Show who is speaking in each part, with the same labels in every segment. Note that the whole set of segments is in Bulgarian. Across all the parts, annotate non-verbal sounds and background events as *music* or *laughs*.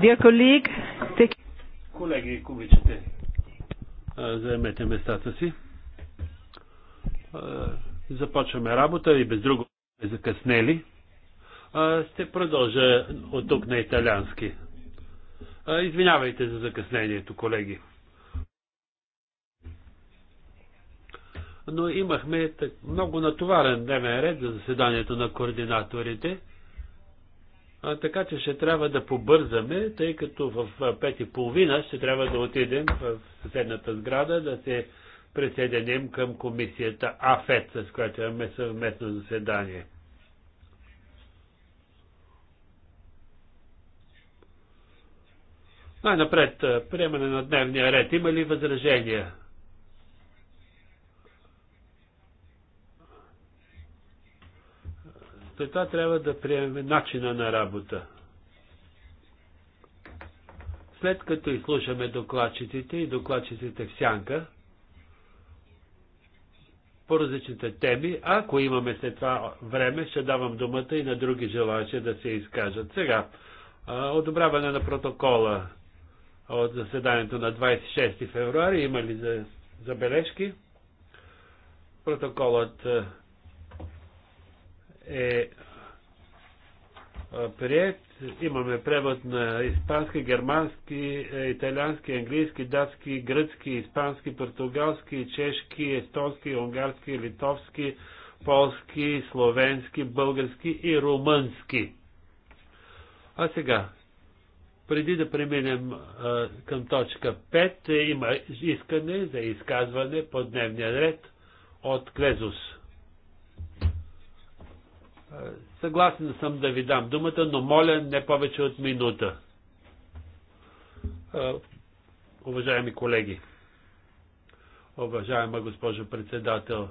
Speaker 1: Dear colleague, take...
Speaker 2: Колеги, ако заемете местата си. Започваме работа и без друго сме закъснели. Ще продължа от тук на италиански. Извинявайте за закъснението, колеги. Но имахме много натоварен дневен ред за заседанието на координаторите а, така че ще трябва да побързаме, тъй като в и половина ще трябва да отидем в съседната сграда да се присъединим към комисията АФЕТ, с която имаме съвместно заседание. Най-напред, приемане на дневния ред. Има ли възражения? това трябва да приемем начина на работа. След като изслушаме докладчиците и докладчиците в сянка, по различните теми. Ако имаме след това време, ще давам думата и на други желаящи да се изкажат. Сега, одобряване на протокола от заседанието на 26 февруари. Има ли забележки? Протоколът е прият. Имаме превод на испански, германски, е, италиански, английски, датски, гръцки, испански, португалски, чешки, естонски, унгарски, литовски, полски, словенски, български и румънски. А сега, преди да преминем а, към точка 5, е, има искане за изказване по дневния ред от Клезус. Съгласен съм да ви дам думата, но моля не повече от минута. Уважаеми колеги, уважаема госпожо председател,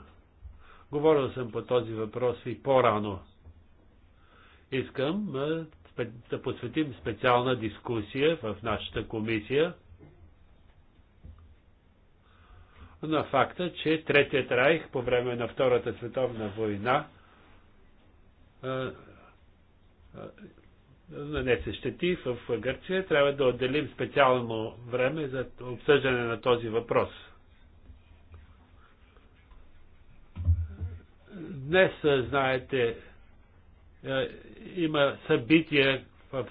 Speaker 2: говорил съм по този въпрос и по-рано. Искам да посветим специална дискусия в нашата комисия на факта, че Третият райх по време на Втората световна война нанесе щети в Гърция. Трябва да отделим специално време за обсъждане на този въпрос. Днес, знаете, има събития в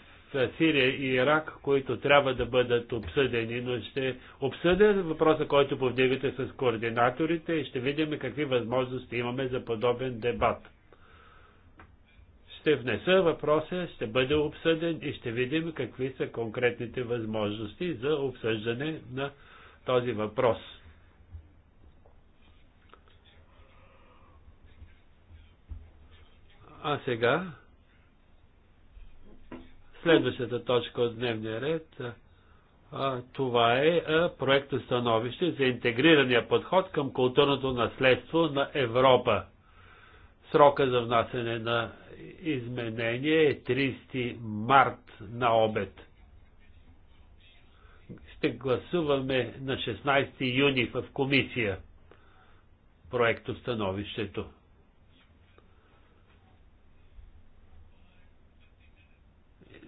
Speaker 2: Сирия и Ирак, които трябва да бъдат обсъдени, но ще обсъдя въпроса, който повдигате с координаторите и ще видим какви възможности имаме за подобен дебат ще внеса въпроса, ще бъде обсъден и ще видим какви са конкретните възможности за обсъждане на този въпрос. А сега, следващата точка от дневния ред, това е а, становище за интегрирания подход към културното наследство на Европа. Срока за внасене на изменение е 30 март на обед. Ще гласуваме на 16 юни в комисия проекто становището.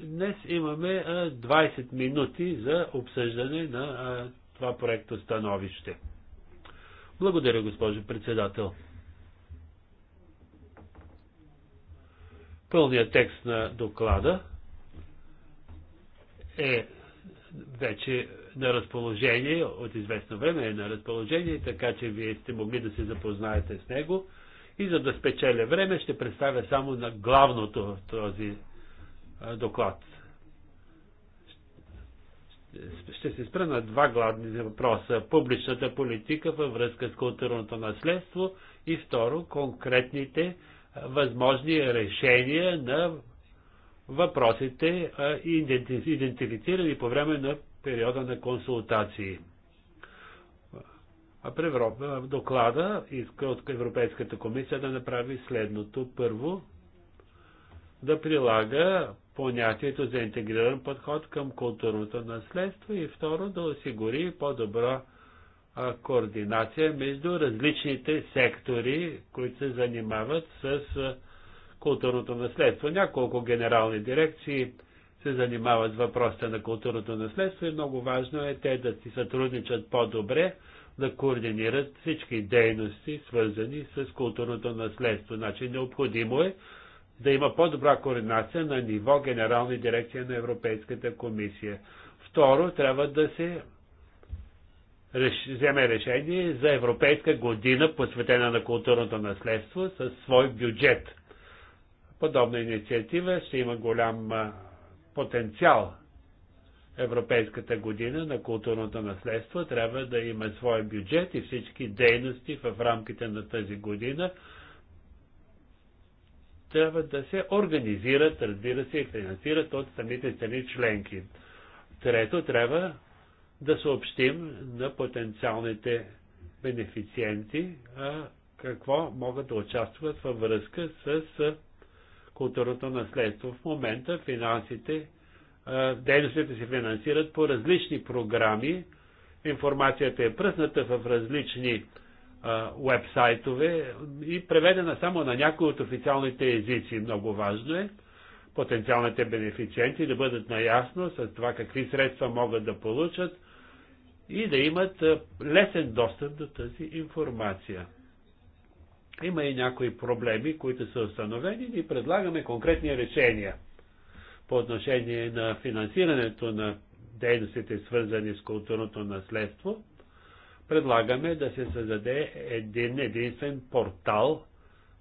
Speaker 2: Днес имаме 20 минути за обсъждане на това проекто становище. Благодаря, госпожо председател. Пълният текст на доклада е вече на разположение, от известно време е на разположение, така че вие сте могли да се запознаете с него. И за да спечеля време, ще представя само на главното в този доклад. Ще се спра на два главни въпроса. Публичната политика във връзка с културното наследство и второ, конкретните възможни решения на въпросите, идентифицирани по време на периода на консултации. А доклада иска от Европейската комисия да направи следното. Първо, да прилага понятието за интегриран подход към културното наследство и второ, да осигури по-добра координация между различните сектори, които се занимават с културното наследство. Няколко генерални дирекции се занимават с въпросите на културното наследство и много важно е те да си сътрудничат по-добре, да координират всички дейности, свързани с културното наследство. Значи необходимо е да има по-добра координация на ниво Генерална дирекция на Европейската комисия. Второ, трябва да се вземе решение за Европейска година, посветена на културното наследство, със свой бюджет. Подобна инициатива ще има голям потенциал. Европейската година на културното наследство трябва да има свой бюджет и всички дейности в рамките на тази година трябва да се организират, разбира се, и финансират от самите страни членки. Трето, трябва да съобщим на потенциалните бенефициенти какво могат да участват във връзка с културното наследство. В момента финансите, дейностите се финансират по различни програми. Информацията е пръсната в различни уебсайтове и преведена само на някои от официалните езици. Много важно е потенциалните бенефициенти да бъдат наясно с това какви средства могат да получат и да имат лесен достъп до тази информация. Има и някои проблеми, които са установени и предлагаме конкретни решения по отношение на финансирането на дейностите, свързани с културното наследство. Предлагаме да се създаде един единствен портал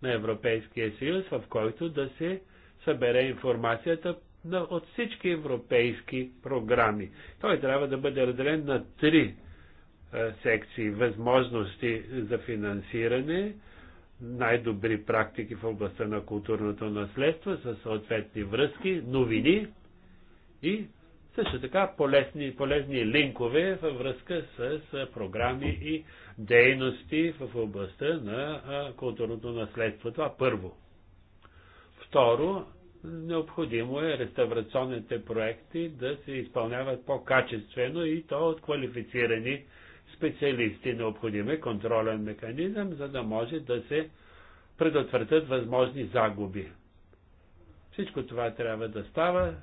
Speaker 2: на Европейския съюз, в който да се събере информацията на, от всички европейски програми. Той трябва да бъде разделен на три е, секции възможности за финансиране, най-добри практики в областта на културното наследство с съответни връзки, новини и също така полезни, полезни линкове във връзка с е, програми и дейности в областта на е, културното наследство. Това първо. Второ, Необходимо е реставрационните проекти да се изпълняват по-качествено и то от квалифицирани специалисти. Необходим е контролен механизъм, за да може да се предотвратят възможни загуби. Всичко това трябва да става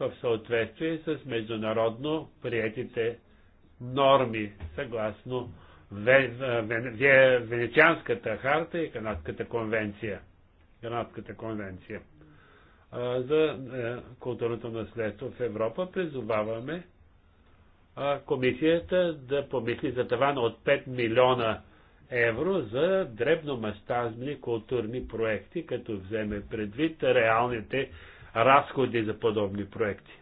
Speaker 2: в съответствие с международно приетите норми, съгласно Венецианската харта и Канадската конвенция. Канадската конвенция за е, културното наследство в Европа, призоваваме комисията да помисли за таван от 5 милиона евро за дребномастазни културни проекти, като вземе предвид реалните разходи за подобни проекти.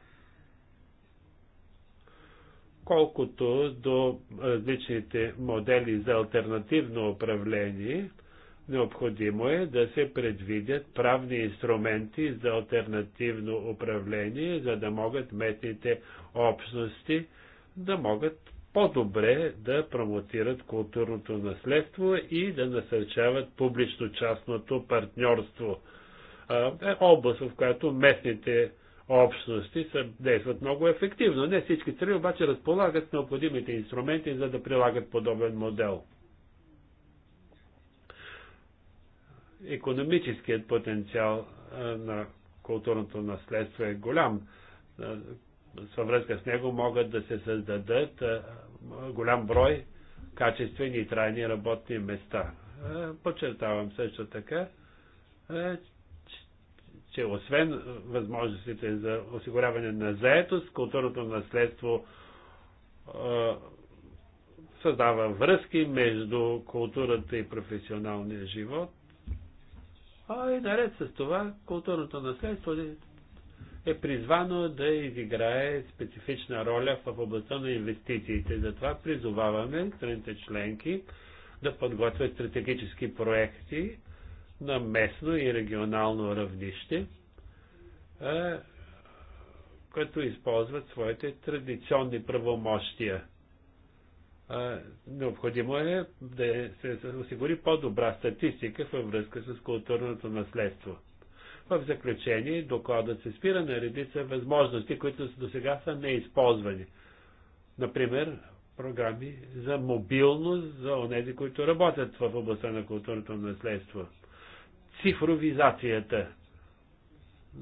Speaker 2: Колкото до различните модели за альтернативно управление – Необходимо е да се предвидят правни инструменти за альтернативно управление, за да могат местните общности да могат по-добре да промотират културното наследство и да насърчават публично-частното партньорство. Е област, в която местните общности са, действат много ефективно. Не всички страни обаче разполагат необходимите инструменти, за да прилагат подобен модел. економическият потенциал на културното наследство е голям. Във връзка с него могат да се създадат голям брой качествени и трайни работни места. Подчертавам също така, че освен възможностите за осигуряване на заетост, културното наследство създава връзки между културата и професионалния живот а и наред с това, културното наследство е призвано да изиграе специфична роля в областта на инвестициите. Затова призоваваме страните членки да подготвят стратегически проекти на местно и регионално равнище, като използват своите традиционни правомощия – необходимо е да се осигури по-добра статистика във връзка с културното наследство. В заключение, докладът се спира на редица възможности, които до сега са неизползвани. Например, програми за мобилност за онези, които работят в областта на културното наследство. Цифровизацията,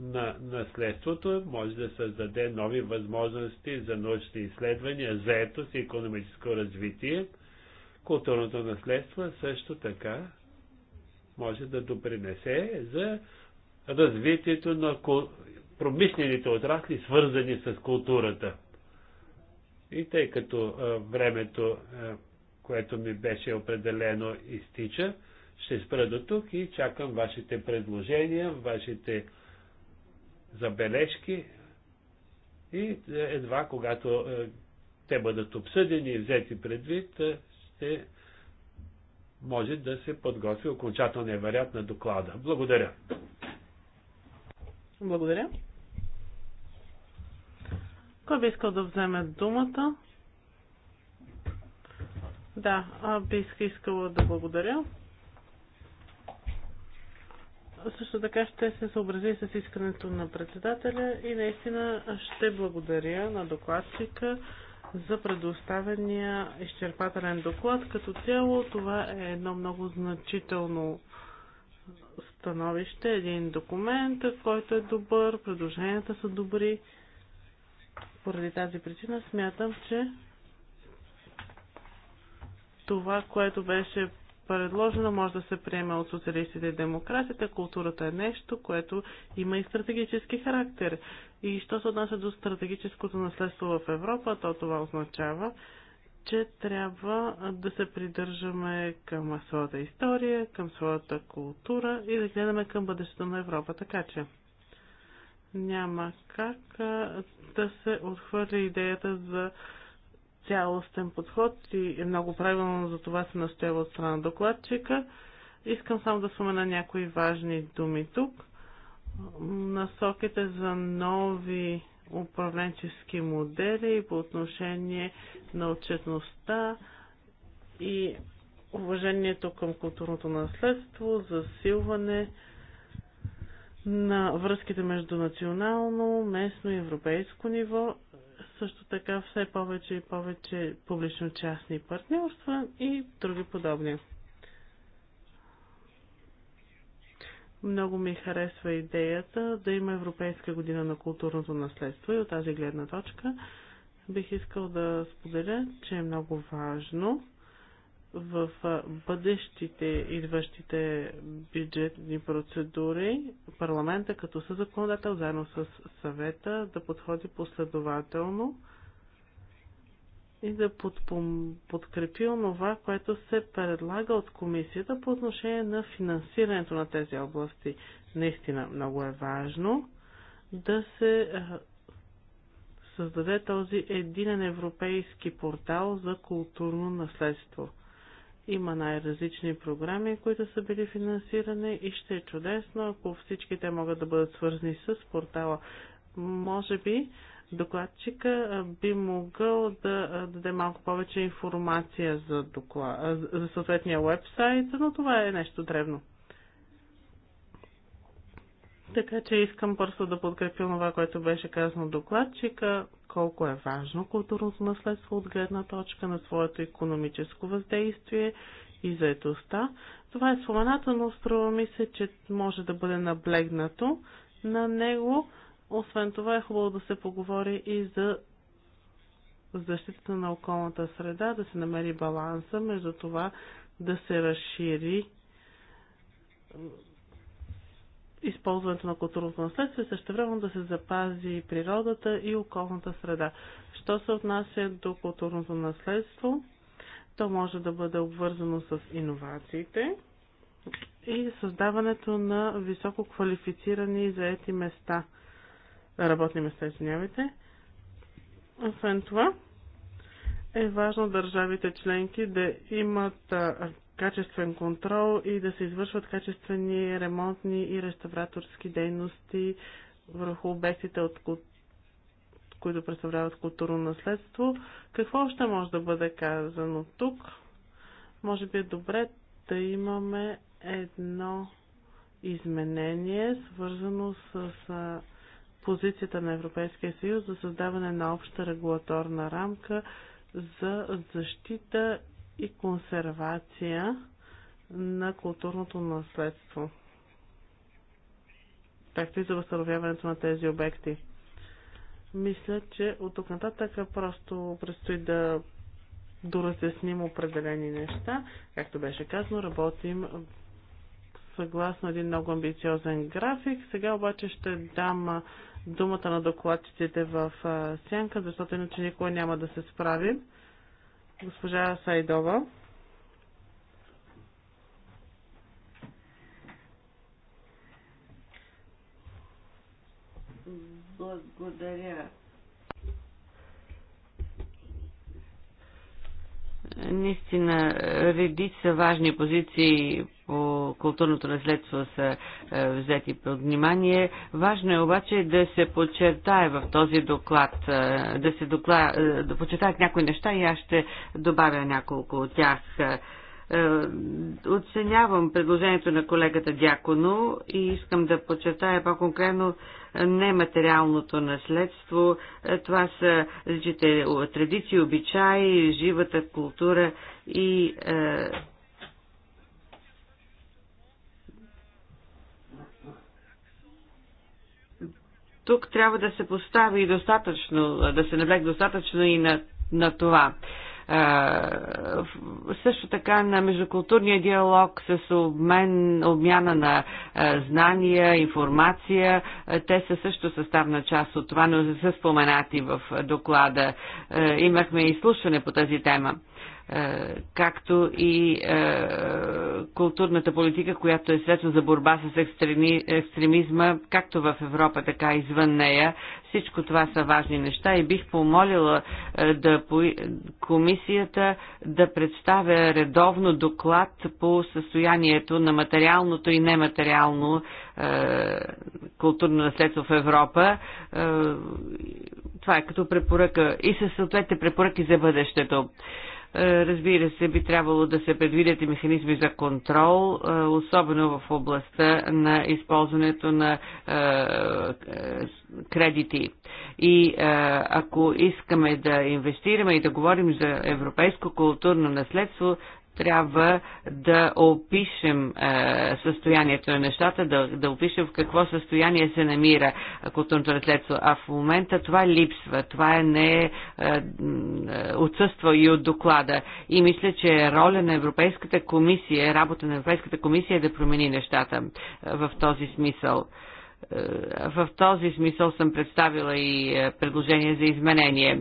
Speaker 2: на наследството може да създаде нови възможности за научни изследвания, заетост и економическо развитие. Културното наследство също така може да допринесе за развитието на промишлените отрасли, свързани с културата. И тъй като времето, което ми беше определено, изтича, ще спра до тук и чакам вашите предложения, вашите забележки и едва когато е, те бъдат обсъдени и взети предвид, е, ще може да се подготви окончателния вариант на доклада. Благодаря.
Speaker 3: Благодаря. Кой би искал да вземе думата? Да, би искала да благодаря също така ще се съобрази с искането на председателя и наистина ще благодаря на докладчика за предоставения изчерпателен доклад. Като цяло това е едно много значително становище, един документ, който е добър, предложенията са добри. Поради тази причина смятам, че това, което беше предложено може да се приеме от социалистите и демократите. Културата е нещо, което има и стратегически характер. И що се отнася до стратегическото наследство в Европа, то това означава, че трябва да се придържаме към своята история, към своята култура и да гледаме към бъдещето на Европа. Така че няма как да се отхвърли идеята за цялостен подход и е много правилно за това се настоява от страна докладчика. Искам само да спомена някои важни думи тук. Насоките за нови управленчески модели по отношение на отчетността и уважението към културното наследство, засилване на връзките между национално, местно и европейско ниво също така все повече и повече публично-частни партньорства и други подобни. Много ми харесва идеята да има Европейска година на културното наследство и от тази гледна точка бих искал да споделя, че е много важно в бъдещите идващите бюджетни процедури парламента като съзаконодател заедно с съвета да подходи последователно и да подкрепи онова, което се предлага от комисията по отношение на финансирането на тези области. Наистина много е важно да се създаде този единен европейски портал за културно наследство – има най-различни програми, които са били финансирани, и ще е чудесно, ако всичките могат да бъдат свързани с портала. Може би докладчика би могъл да даде малко повече информация за, доклад, за съответния вебсайт, но това е нещо древно. Така че искам просто да подкрепя това, което беше казано докладчика, колко е важно културното наследство от гледна точка на своето економическо въздействие и заедостта. Това е споменато, но струва ми се, че може да бъде наблегнато на него. Освен това е хубаво да се поговори и за защитата на околната среда, да се намери баланса между това да се разшири използването на културното наследство и също време да се запази природата и околната среда. Що се отнася до културното наследство, то може да бъде обвързано с иновациите и създаването на високо квалифицирани и заети места, работни места, извинявайте. Освен това, е важно държавите членки да имат качествен контрол и да се извършват качествени ремонтни и реставраторски дейности върху обектите, от които представляват културно наследство. Какво още може да бъде казано тук? Може би е добре да имаме едно изменение, свързано с позицията на Европейския съюз за създаване на обща регулаторна рамка за защита и консервация на културното наследство, както и за възстановяването на тези обекти. Мисля, че от тук нататък просто предстои да доразясним определени неща. Както беше казано, работим съгласно един много амбициозен график. Сега обаче ще дам думата на докладчиците в сянка, защото иначе никога няма да се справим. Госпожа Сайдова.
Speaker 1: Благодаря. Наистина, редица важни позиции по културното наследство са е, взети под внимание. Важно е обаче да се подчертае в този доклад, е, да се докла, е, да подчертаят някои неща и аз ще добавя няколко от тях. Е, е, оценявам предложението на колегата Дяконо и искам да подчертая по-конкретно е, нематериалното наследство. Е, това са личите традиции, обичаи, живата култура и тук трябва да се постави и достатъчно, да се навлек достатъчно и на, на това също така на междукултурния диалог с обмен, обмяна на знания, информация. Те са също съставна част от това, но не са споменати в доклада. Имахме изслушване по тази тема. Е, както и е, културната политика, която е средство за борба с екстремизма, както в Европа, така и извън нея. Всичко това са важни неща и бих помолила е, да, комисията да представя редовно доклад по състоянието на материалното и нематериално културно наследство в Европа. това е като препоръка и със съответните препоръки за бъдещето. Разбира се, би трябвало да се предвидят и механизми за контрол, е, особено в областта на използването на е, кредити. И е, ако искаме да инвестираме и да говорим за европейско културно наследство, трябва да опишем е, състоянието на нещата, да, да опишем в какво състояние се намира културното наследство. А в момента това липсва, това е не е, е, отсъства и от доклада. И мисля, че роля на Европейската комисия, работа на Европейската комисия е да промени нещата е, в този смисъл. Е, в този смисъл съм представила и предложение за изменение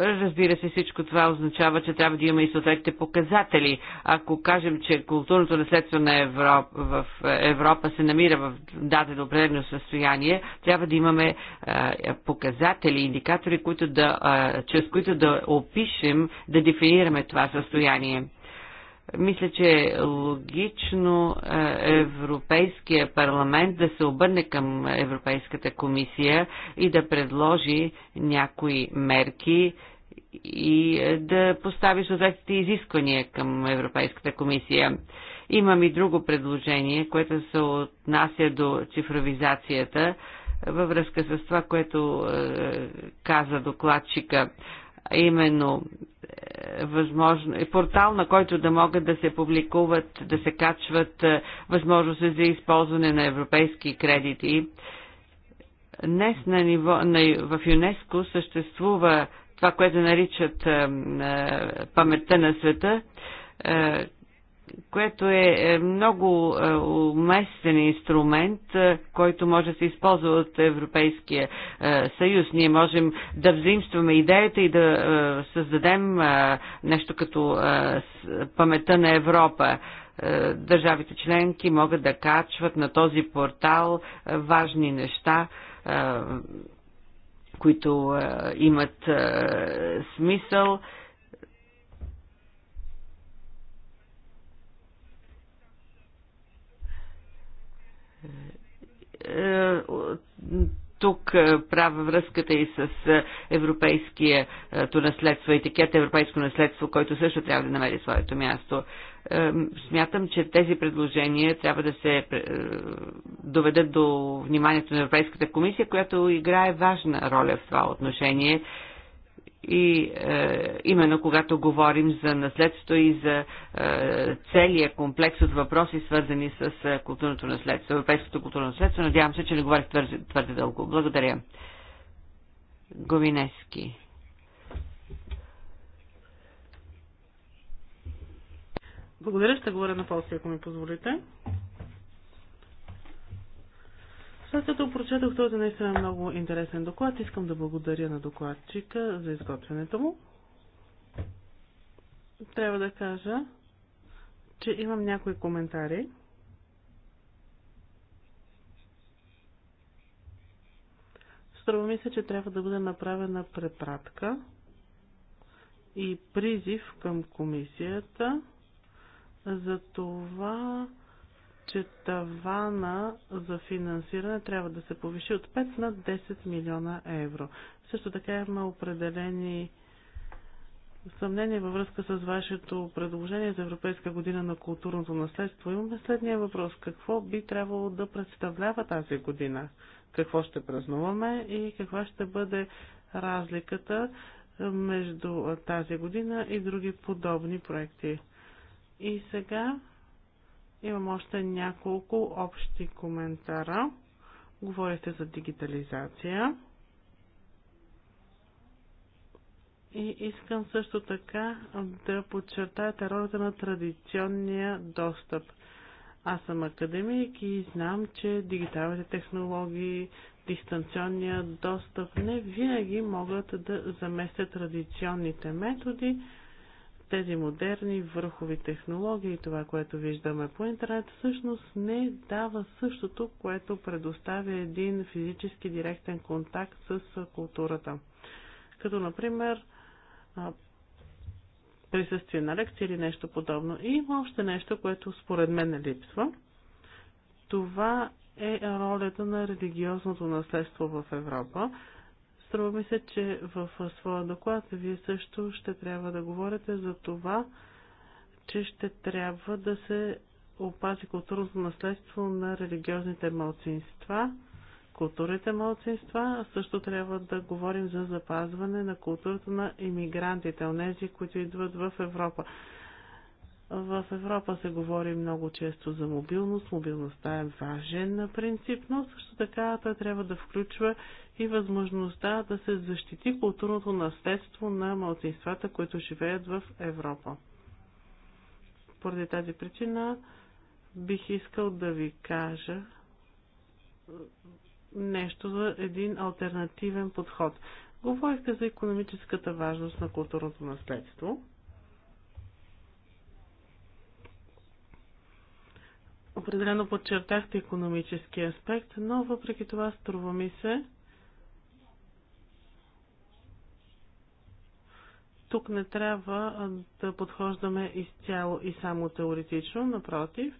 Speaker 1: Разбира се, всичко това означава, че трябва да има и съответните показатели. Ако кажем, че културното наследство на Европа, в Европа се намира в дадено определено състояние, трябва да имаме е, показатели, индикатори, които да, е, чрез които да опишем, да дефинираме това състояние. Мисля, че е логично е, Европейския парламент да се обърне към Европейската комисия и да предложи някои мерки и е, да постави съответните изисквания към Европейската комисия. Имам и друго предложение, което се отнася до цифровизацията във връзка с това, което е, каза докладчика именно е, възможно, е портал, на който да могат да се публикуват, да се качват е, възможности за използване на европейски кредити. Днес на ниво, на, в ЮНЕСКО съществува това, което наричат е, паметта на света, е, което е, е много е, уместен инструмент, е, който може да се използва от Европейския съюз. Ние можем да взаимстваме идеята и да създадем нещо като памета на Европа. Държавите членки могат да качват на този портал важни неща, които имат смисъл тук е, правя връзката и с е, европейското е, наследство, етикет европейско наследство, който също трябва да намери своето място. Смятам, че тези предложения трябва да се доведат до вниманието на Европейската комисия, която играе важна роля в това отношение и е, именно когато говорим за наследство и за е, целия комплекс от въпроси, свързани с е, културното наследство, европейското културно наследство. Надявам се, че не говорих твърде, твърде дълго. Благодаря. Говинески.
Speaker 3: Благодаря, ще говоря на полски, ако ми позволите. След като прочетох този наистина е много интересен доклад, искам да благодаря на докладчика за изготвянето му. Трябва да кажа, че имам някои коментари. Струва ми се, че трябва да бъде направена препратка и призив към комисията за това че тавана за финансиране трябва да се повиши от 5 на 10 милиона евро. Също така има определени съмнения във връзка с вашето предложение за Европейска година на културното наследство. Имаме следния въпрос. Какво би трябвало да представлява тази година? Какво ще празнуваме и каква ще бъде разликата между тази година и други подобни проекти? И сега Имам още няколко общи коментара. Говорите за дигитализация. И искам също така да подчертаете ролята на традиционния достъп. Аз съм академик и знам, че дигиталните технологии, дистанционния достъп не винаги могат да заместят традиционните методи тези модерни върхови технологии това, което виждаме по интернет, всъщност не дава същото, което предоставя един физически директен контакт с културата. Като, например, присъствие на лекция или нещо подобно. И има още нещо, което според мен не липсва. Това е ролята на религиозното наследство в Европа. Струва ми се, че в своя доклад вие също ще трябва да говорите за това, че ще трябва да се опази културното наследство на религиозните малцинства, културите малцинства, а също трябва да говорим за запазване на културата на иммигрантите, онези, които идват в Европа. В Европа се говори много често за мобилност. Мобилността е важен принцип, но също така той трябва да включва и възможността да се защити културното наследство на малцинствата, които живеят в Европа. Поради тази причина бих искал да ви кажа нещо за един альтернативен подход. Говорихте за економическата важност на културното наследство – Определено подчертахте економически аспект, но въпреки това струва ми се, тук не трябва да подхождаме изцяло и само теоретично, напротив,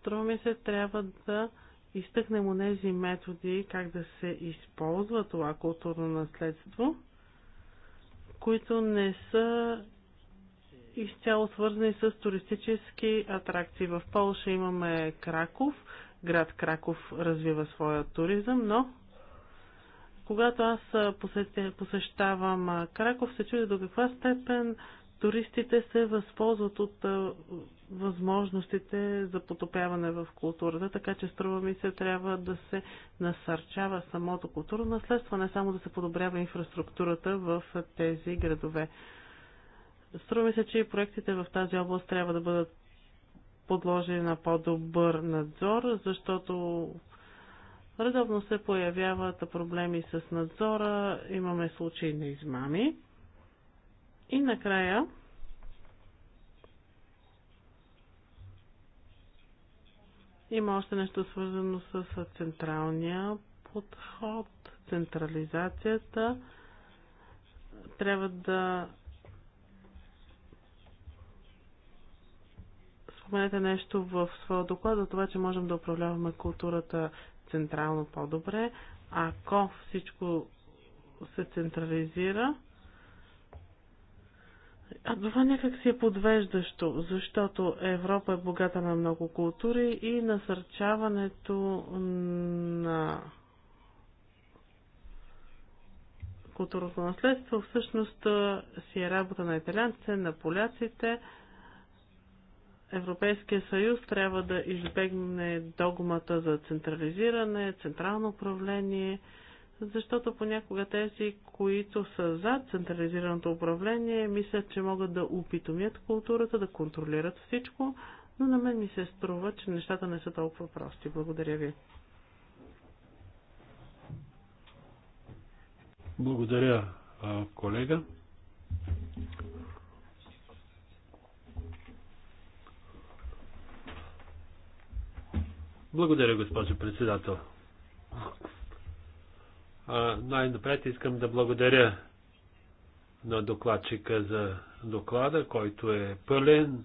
Speaker 3: струва ми се, трябва да изтъкнем у нези методи как да се използва това културно наследство, които не са изцяло свързани с туристически атракции. В Полша имаме Краков, град Краков развива своя туризъм, но когато аз посещавам Краков, се чудя до каква степен туристите се възползват от възможностите за потопяване в културата, така че струва ми се трябва да се насърчава самото културно наследство, не само да се подобрява инфраструктурата в тези градове. Струва ми се, че и проектите в тази област трябва да бъдат подложени на по-добър надзор, защото редовно се появяват проблеми с надзора, имаме случаи на измами. И накрая има още нещо свързано с централния подход, централизацията. Трябва да споменете нещо в своя доклад за това, че можем да управляваме културата централно по-добре. Ако всичко се централизира, а това някак си е подвеждащо, защото Европа е богата на много култури и насърчаването на културното наследство всъщност си е работа на италянците, на поляците, Европейския съюз трябва да избегне догмата за централизиране, централно управление, защото понякога тези, които са за централизираното управление, мислят, че могат да опитомят културата, да контролират всичко, но на мен ми се струва, че нещата не са толкова прости. Благодаря ви.
Speaker 2: Благодаря, колега. Благодаря, госпожо председател. Най-напред искам да благодаря на докладчика за доклада, който е пълен,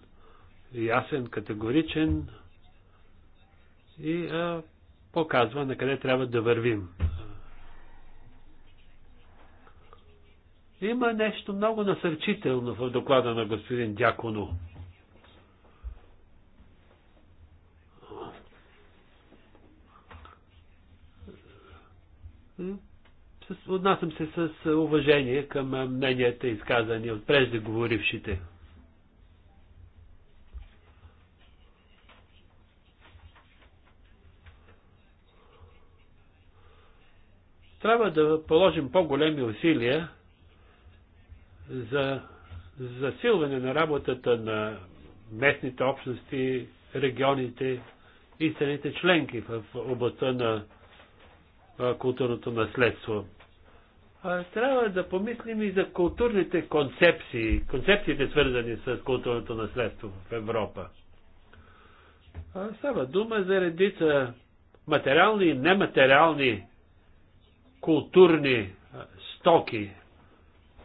Speaker 2: ясен, категоричен и а, показва на къде трябва да вървим. Има нещо много насърчително в доклада на господин Дяконо. отнасям се с уважение към мненията, изказани от преждеговорившите. Трябва да положим по-големи усилия за засилване на работата на местните общности, регионите и страните членки в областта на културното наследство. Трябва да помислим и за културните концепции, концепциите свързани с културното наследство в Европа. Става дума за редица материални и нематериални културни стоки.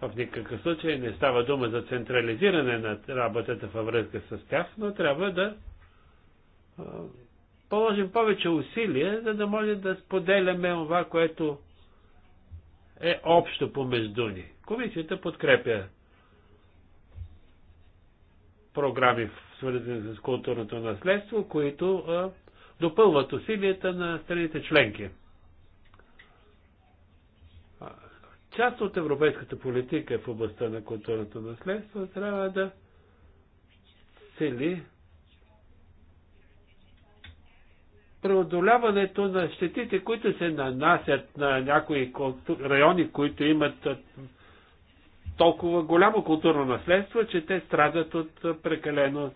Speaker 2: В никакъв случай не става дума за централизиране на работата във връзка с тях, но трябва да положим повече усилия, за да може да споделяме това, което е общо помежду ни. Комисията подкрепя програми, свързани с културното наследство, които а, допълват усилията на страните членки. Част от европейската политика в областта на културното наследство трябва да цели преодоляването на щетите, които се нанасят на някои райони, които имат толкова голямо културно наследство, че те страдат от, прекалено,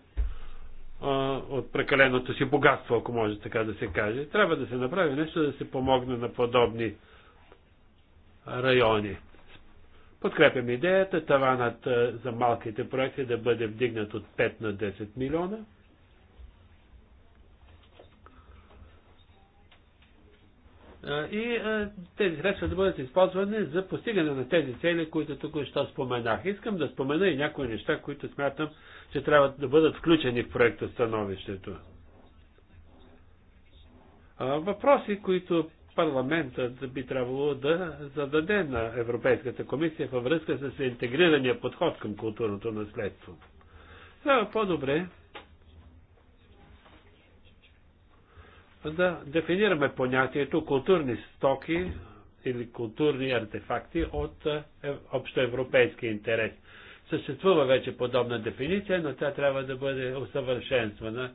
Speaker 2: от прекаленото си богатство, ако може така да се каже. Трябва да се направи нещо да се помогне на подобни райони. Подкрепям идеята таванът за малките проекти да бъде вдигнат от 5 на 10 милиона. И тези средства да бъдат използвани за постигане на тези цели, които тук още споменах. Искам да спомена и някои неща, които смятам, че трябва да бъдат включени в проекта становището. Въпроси, които парламентът би трябвало да зададе на Европейската комисия във връзка с интегрирания подход към културното наследство. е по-добре да дефинираме понятието културни стоки или културни артефакти от е, общоевропейски интерес. Съществува вече подобна дефиниция, но тя трябва да бъде усъвършенствана.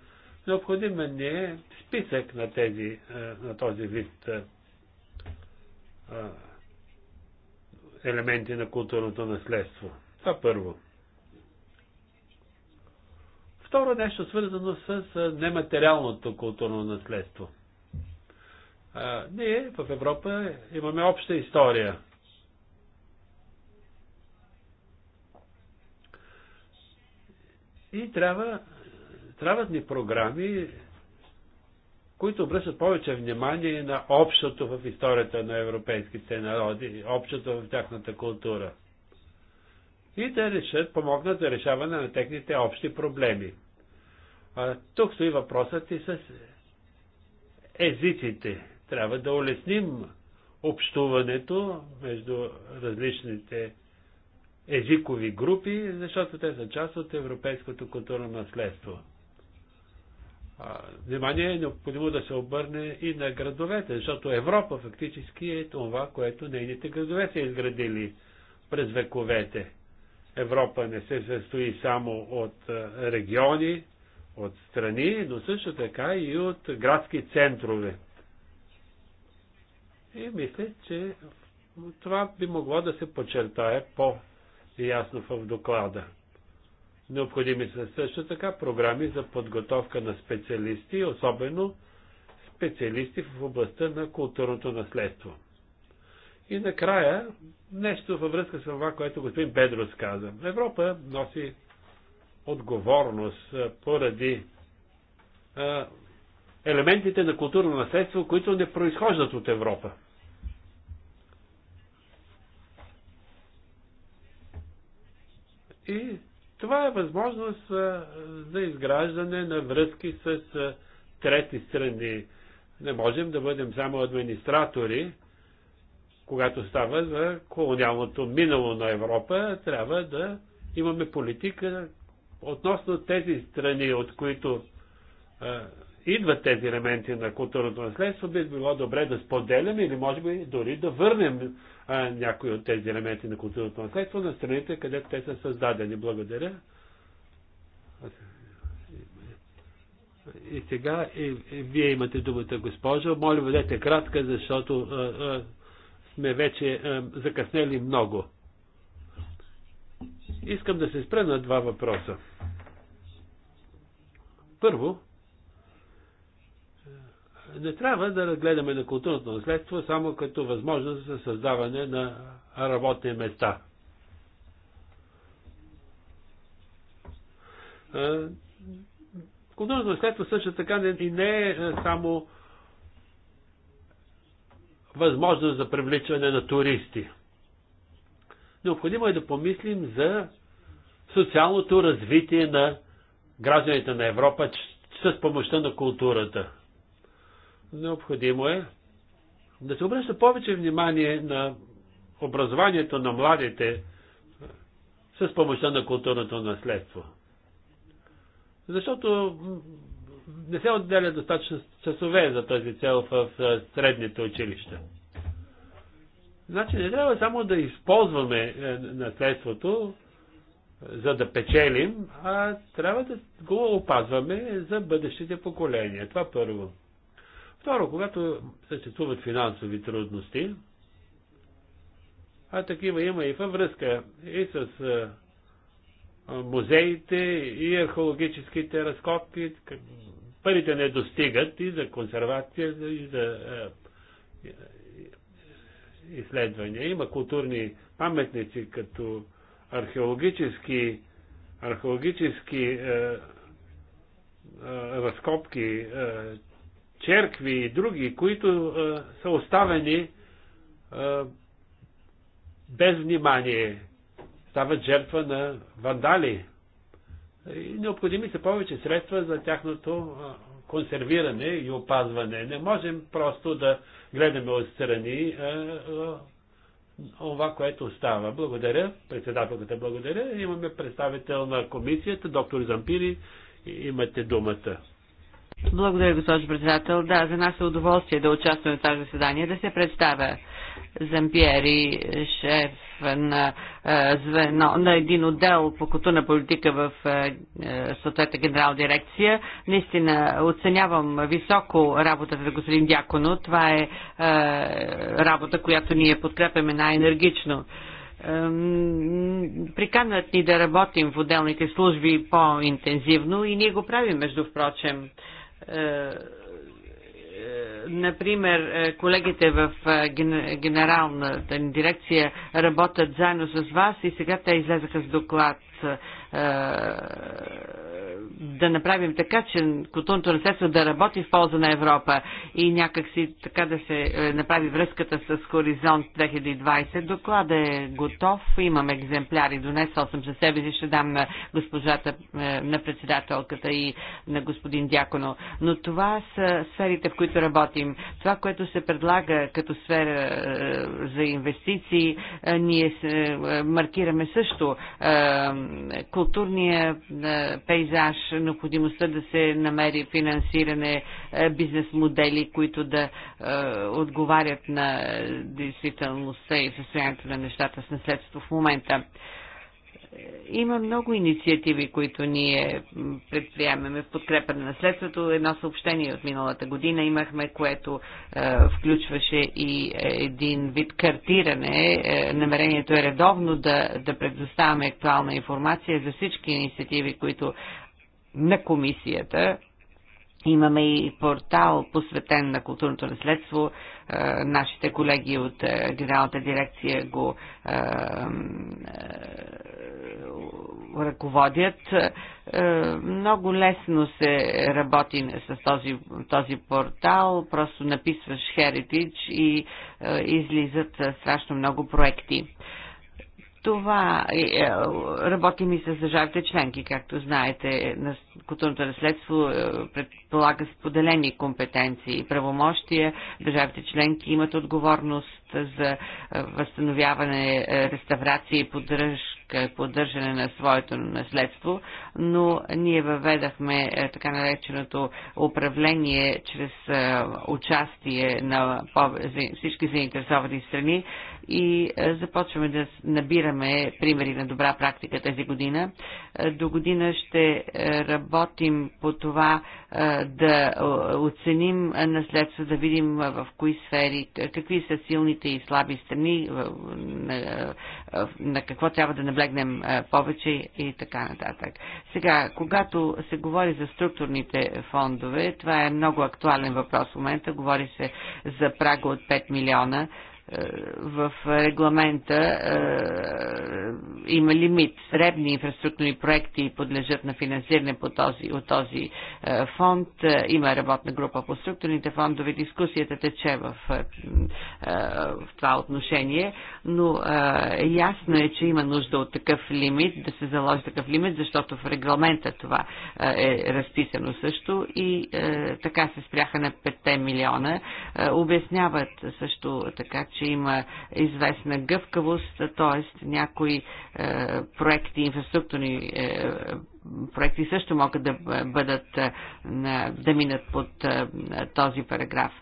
Speaker 2: Необходим ни е списък на, тези, е, на този вид е, елементи на културното наследство. Това първо. Второ нещо свързано с нематериалното културно наследство. А, ние в Европа имаме обща история. И трябва, трябват ни програми, които обръщат повече внимание на общото в историята на европейските народи, общото в тяхната култура и да решат, помогнат за решаване на техните общи проблеми. А, тук стои въпросът и с езиците. Трябва да улесним общуването между различните езикови групи, защото те са част от европейското културно наследство. Внимание е необходимо да се обърне и на градовете, защото Европа фактически е това, което нейните градове са изградили през вековете. Европа не се състои само от е, региони, от страни, но също така и от градски центрове. И мисля, че това би могло да се подчертае по-ясно в доклада. Необходими са също така програми за подготовка на специалисти, особено специалисти в областта на културното наследство. И накрая, нещо във връзка с това, което господин Бедрос каза. Европа носи отговорност поради а, елементите на културно наследство, които не произхождат от Европа. И това е възможност а, за изграждане на връзки с а, трети страни. Не можем да бъдем само администратори, когато става за колониалното минало на Европа, трябва да имаме политика относно тези страни, от които а, идват тези елементи на културното наследство, би било добре да споделяме или може би дори да върнем а, някои от тези елементи на културното наследство на страните, където те са създадени. Благодаря. И сега и, и вие имате думата, госпожо. Моля, бъдете кратка, защото а, а, сме вече е, закъснели много. Искам да се спра на два въпроса. Първо, е, не трябва да разгледаме на културното наследство само като възможност за създаване на работни места. Е, културното наследство също така и не е само възможност за привличане на туристи. Необходимо е да помислим за социалното развитие на гражданите на Европа с помощта на културата. Необходимо е да се обръща повече внимание на образованието на младите с помощта на културното наследство. Защото не се отделя достатъчно часове за тази цел в средните училища. Значи не трябва само да използваме е, наследството, е, за да печелим, а трябва да го опазваме за бъдещите поколения. Това първо. Второ, когато съществуват финансови трудности, а такива има и във връзка и с е, музеите и археологическите разкопки, парите не достигат и за консервация, и за е, е, изследвания. Има културни паметници, като археологически, археологически е, е, разкопки, е, черкви и други, които е, са оставени е, без внимание, стават жертва на вандали. И необходими са повече средства за тяхното консервиране и опазване. Не можем просто да гледаме отстрани това, което става. Благодаря, председателката благодаря. Имаме представител на комисията, доктор Зампири. Имате думата.
Speaker 1: Благодаря, госпожо председател. Да, за нас е удоволствие да участваме в тази заседание, да се представя Зампиери, шеф на е, звено, на един отдел по културна политика в е, е, съответната генерал дирекция. Наистина оценявам високо работата на господин Дяконо. Това е работа, която ние подкрепяме най-енергично. Приканват ни да работим в отделните служби по-интензивно и ние го правим, между впрочем например, е, колегите в е, генералната дирекция работят заедно с вас и сега те излезаха с доклад е, да направим така, че културното наследство да работи в полза на Европа и някакси така да се е, направи връзката с Хоризонт 2020. Доклада е готов, имам екземпляри, донесъл съм за себе си, ще дам на госпожата, е, на председателката и на господин Дяконо. Но това са сферите, в които работим. Това, което се предлага като сфера е, за инвестиции, ние маркираме също културния пейзаж, необходимостта да се намери финансиране, е, бизнес модели, които да е, отговарят на е, действителността и състоянието на нещата с наследство в момента. Има много инициативи, които ние предприемаме в подкрепа на наследството. Едно съобщение от миналата година имахме, което е, включваше и един вид картиране. Е, намерението е редовно да, да предоставяме актуална информация за всички инициативи, които на комисията. Имаме и портал, посветен на културното наследство. Е, нашите колеги от е, Генералната дирекция го е, ръководят. Много лесно се работи с този, този портал. Просто написваш Heritage и излизат страшно много проекти това е, е, работим и с държавите членки, както знаете, на културното наследство е, предполага споделени компетенции и правомощия. Държавите членки имат отговорност за е, възстановяване, е, реставрация и поддръжка, поддържане на своето наследство, но ние въведахме е, така нареченото управление чрез участие на всички заинтересовани страни и започваме да набираме примери на добра практика тази година. До година ще работим по това да оценим наследство, да видим в кои сфери, какви са силните силните и слаби страни, е, на, е, на какво трябва да наблегнем е, повече и така нататък. Сега, когато се говори за структурните фондове, това е много актуален въпрос в момента. Говори се за прага от 5 милиона в регламента е, има лимит. Средни инфраструктурни проекти подлежат на финансиране по този, от този е, фонд. Е, има работна група по структурните фондове. Дискусията тече в, в това отношение, но ясно е, че има нужда от такъв лимит, да се заложи такъв лимит, защото в регламента това е разписано също и така се спряха на 5 милиона. Обясняват също така, че че има известна гъвкавост, т.е. някои е, проекти, инфраструктурни е, проекти също могат да бъдат, е, да минат под е, този параграф.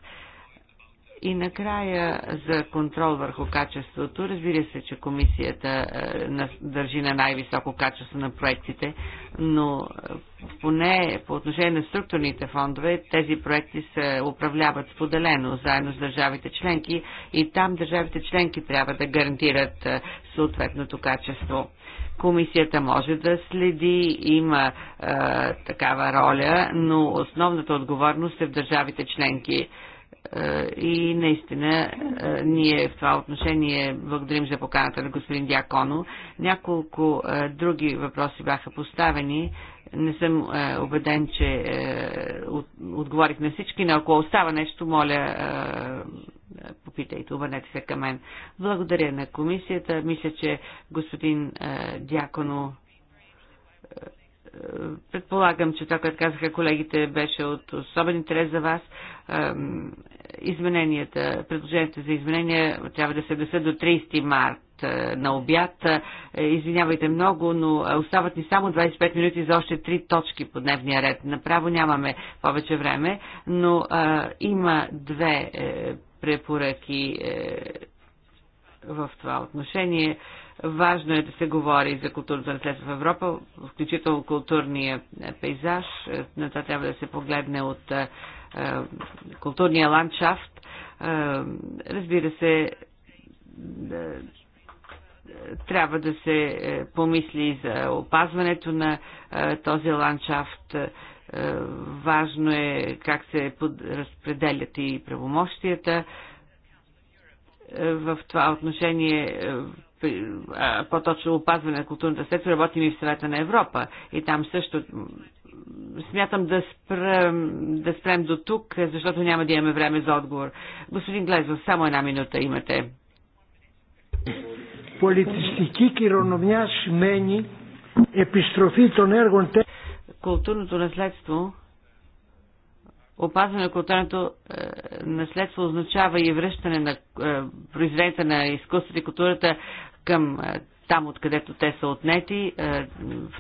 Speaker 1: И накрая за контрол върху качеството. Разбира се, че комисията е, държи на най-високо качество на проектите, но е, поне по отношение на структурните фондове, тези проекти се управляват споделено заедно с държавите членки и там държавите членки трябва да гарантират е, съответното качество. Комисията може да следи, има е, такава роля, но основната отговорност е в държавите членки е, и наистина е, ние в това отношение благодарим за поканата на господин Дяконо. Няколко е, други въпроси бяха поставени. Не съм убеден, че отговорих на всички, но ако остава нещо, моля, попитайте, обърнете се към мен. Благодаря на комисията. Мисля, че господин Дяконо предполагам, че това, което казаха колегите, беше от особен интерес за вас измененията, предложенията за изменения трябва да се внесат до 30 март е, на обяд. Е, извинявайте много, но е, остават ни само 25 минути за още 3 точки по дневния ред. Направо нямаме повече време, но а, има две е, препоръки е, в това отношение. Важно е да се говори за културното наследство в Европа, включително културния пейзаж. На това трябва да се погледне от е, културния ландшафт. Е, разбира се, е, трябва да се помисли за опазването на този ландшафт. Важно е как се разпределят и правомощията. В това отношение по-точно опазване на културната сектор работим и в съвета на Европа. И там също смятам да спрем, да спрем до тук, защото няма да имаме време за отговор. Господин Глезов, само една минута имате.
Speaker 3: Политистики кирономия смени епистрофи των έργων
Speaker 1: Културното наследство Опазване на културното е, наследство означава и връщане на е, произведенията на изкуството и културата към е, там откъдето те са отнети, е,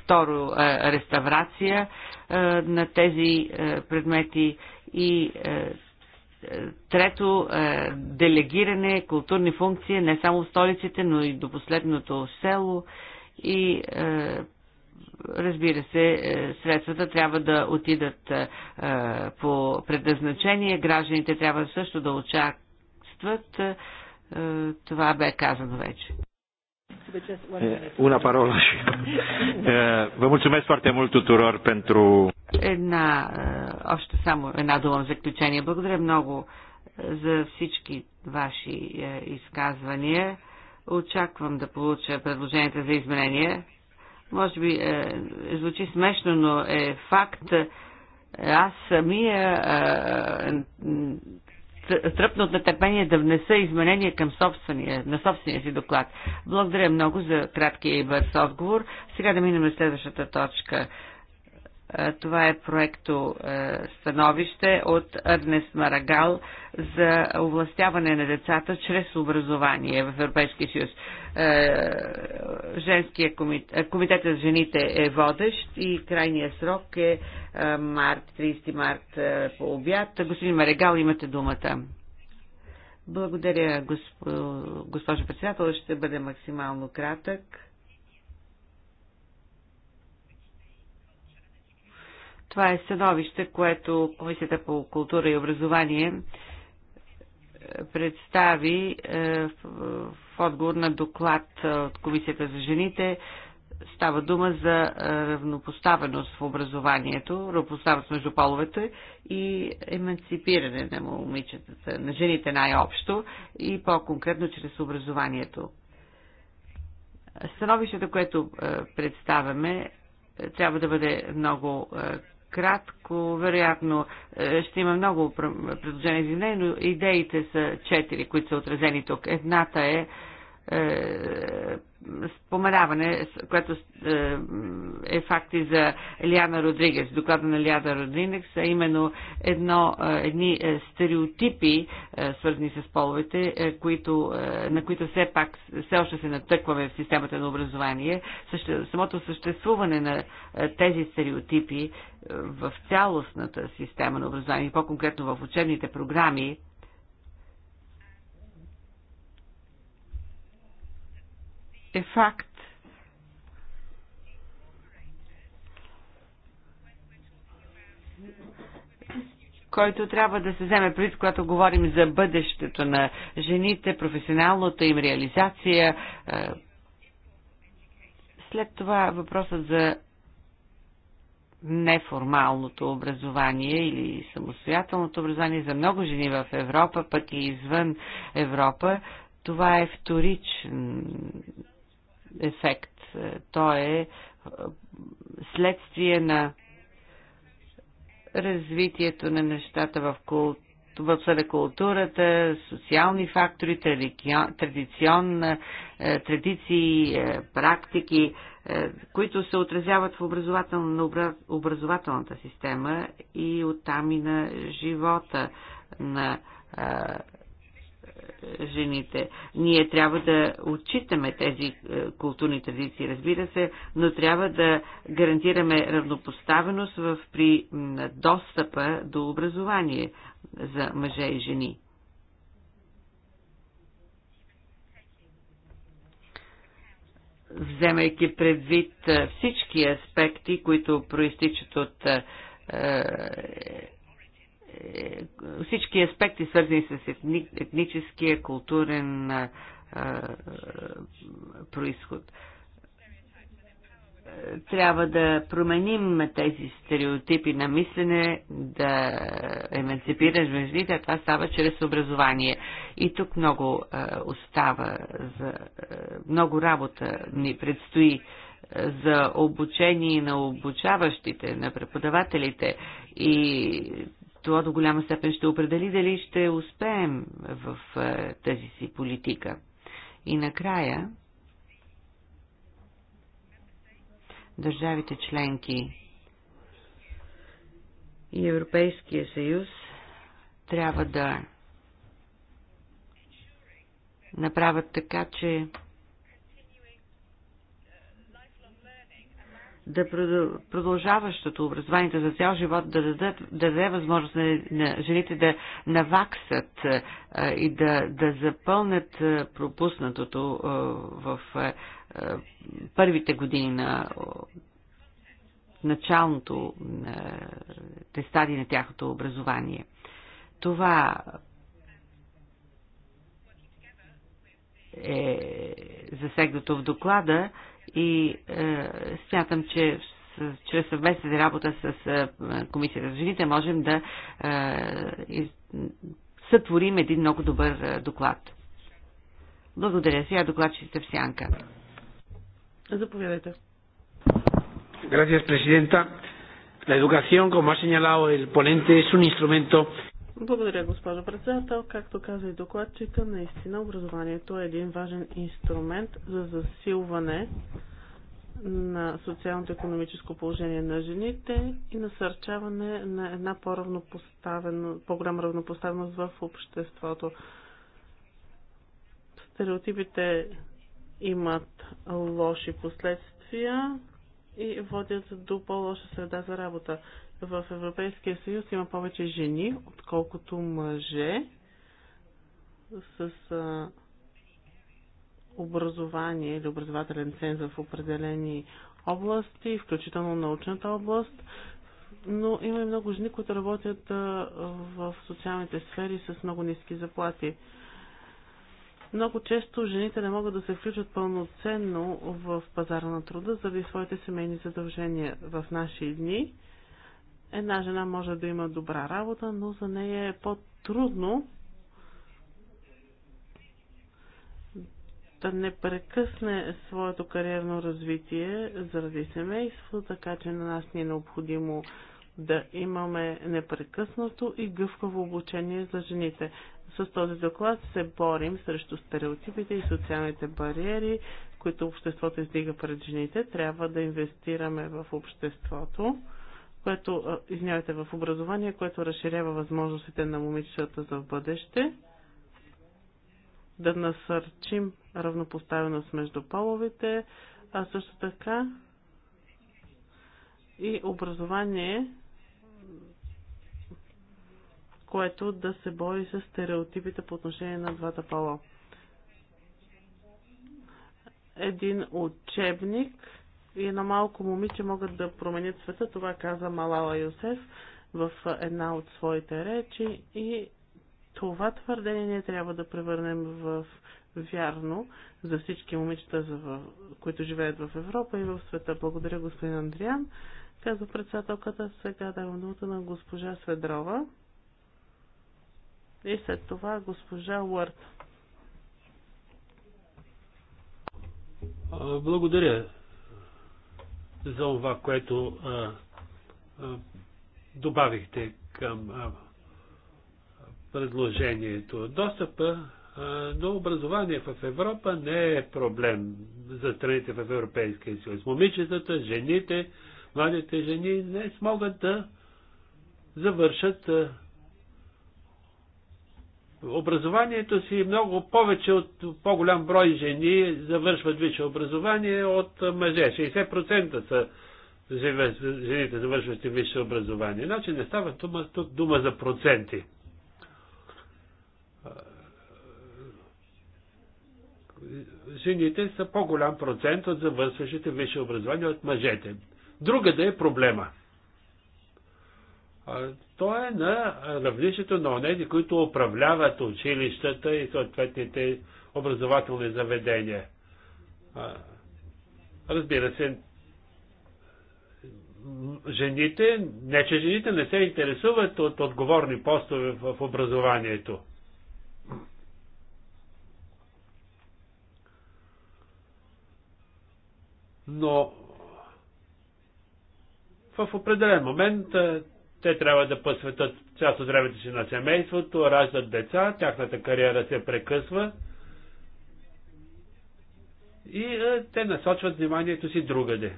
Speaker 1: второ е, реставрация е, на тези предмети и трето делегиране културни функции не само в столиците, но и до последното село и разбира се, средствата трябва да отидат по предназначение, гражданите трябва също да участват. Това бе казано
Speaker 2: вече. Eh, una parola și... *laughs* Eh, vă mulțumesc foarte mult tuturor pentru...
Speaker 1: Една, eh, още само една дума в заключение. Благодаря много за всички ваши изказвания. Очаквам да получа предложенията за изменения. Може би е, звучи смешно, но е факт. Аз самия е, стръпна от нетърпение да внеса изменения към собствения, на собствения си доклад. Благодаря много за краткия и бърз отговор. Сега да минем на следващата точка е, това е проекто е, становище от Арнес Марагал за овластяване на децата чрез образование в Европейския съюз. Е, женския комитет, комитета за жените е водещ и крайният срок е март, 30 март по обяд. Господин Марагал, имате думата. Благодаря, госпожо председател. Ще бъде максимално кратък Това е становище, което Комисията по култура и образование е, представи е, в отговор на доклад е, от Комисията за жените. Става дума за равнопоставеност в образованието, равнопоставеност между половете и емансипиране на момичетата, на жените най-общо и по-конкретно чрез образованието. Становището, което представяме, трябва да бъде много кратко, вероятно е, ще има много предложения за но идеите са четири, които са отразени тук. Едната е е, споменаване, което е, е факт и за Лиана Родригес, доклада на Лиана Родригес, а именно едно, е, едни стереотипи, свързани с половете, които, на които все пак все още се натъкваме в системата на образование. самото съществуване на тези стереотипи в цялостната система на образование, по-конкретно в учебните програми, е факт. който трябва да се вземе предвид, когато говорим за бъдещето на жените, професионалната им реализация. Е, след това въпросът за неформалното образование или самостоятелното образование за много жени в Европа, пък и извън Европа, това е вторичен ефект. Е, То е, е следствие на развитието на нещата в, култ... в културата, социални фактори, традиционна, е, традиции, практики, които се отразяват в образователна, образователната система и оттам и на живота на жените. Ние трябва да отчитаме тези е, културни традиции, разбира се, но трябва да гарантираме равнопоставеност в, при достъпа до образование за мъже и жени. Вземайки предвид е, всички аспекти, които проистичат от е, всички аспекти, свързани с етни, етническия, културен а, происход. Трябва да променим тези стереотипи на мислене, да емансипираш жените, а това става чрез образование. И тук много а, остава, за, а, много работа ни предстои за обучение на обучаващите, на преподавателите и това до голяма степен ще определи дали ще успеем в е, тази си политика. И накрая, държавите членки и Европейския съюз трябва да направят така, че да продължаващото образованието за цял живот да, даде, да даде възможност на, на жените да наваксат а, и да, да запълнят пропуснатото а, в а, първите години на началното те стадии на тяхното образование. Това е засегнато в доклада и е, смятам, че с, чрез съвместната работа с е, Комисията за жените можем да е, из, сътворим един много добър е, доклад. Благодаря. Сега докладчица в сянка. Заповядайте.
Speaker 2: Gracias, Presidenta. La educación, como ha señalado el ponente, es un instrumento
Speaker 3: благодаря, госпожо председател. Както каза и докладчика, наистина образованието е един важен инструмент за засилване на социално-економическо положение на жените и насърчаване на една по по-голяма равнопоставеност в обществото. Стереотипите имат лоши последствия и водят до по-лоша среда за работа в Европейския съюз има повече жени, отколкото мъже с а, образование или образователен ценз в определени области, включително научната област, но има и много жени, които работят в социалните сфери с много ниски заплати. Много често жените не могат да се включат пълноценно в пазара на труда заради своите семейни задължения в наши дни Една жена може да има добра работа, но за нея е по-трудно да не прекъсне своето кариерно развитие заради семейство, така че на нас ни е необходимо да имаме непрекъснато и гъвкаво обучение за жените. С този доклад се борим срещу стереотипите и социалните бариери, които обществото издига пред жените. Трябва да инвестираме в обществото което, извинявайте, в образование, което разширява възможностите на момичетата за в бъдеще, да насърчим равнопоставеност между половите, а също така и образование, което да се бори с стереотипите по отношение на двата пола. Един учебник и едно малко момиче могат да променят света. Това каза Малала Йосеф в една от своите речи и това твърдение ние трябва да превърнем в вярно за всички момичета, за, които живеят в Европа и в света. Благодаря, господин Андриан. Казва председателката, сега давам думата на госпожа Сведрова и след това госпожа Уърт.
Speaker 2: Благодаря за това, което а, а, добавихте към а, предложението. Достъпа а, до образование в Европа не е проблем за страните в Европейския съюз. Момичетата, жените, младите жени не смогат да завършат а, образованието си много повече от по-голям брой жени завършват висше образование от мъже. 60% са жените, завършващи висше образование. Значи не става дума, тук дума за проценти. Жените са по-голям процент от завършващите висше образование от мъжете. Друга да е проблема – то е на равнището на онези, които управляват училищата и съответните образователни заведения. Разбира се, жените, не че жените не се интересуват от отговорни постове в образованието. Но в определен момент те трябва да посветат част от времето си на семейството, раждат деца, тяхната кариера се прекъсва и е, те насочват вниманието си другаде.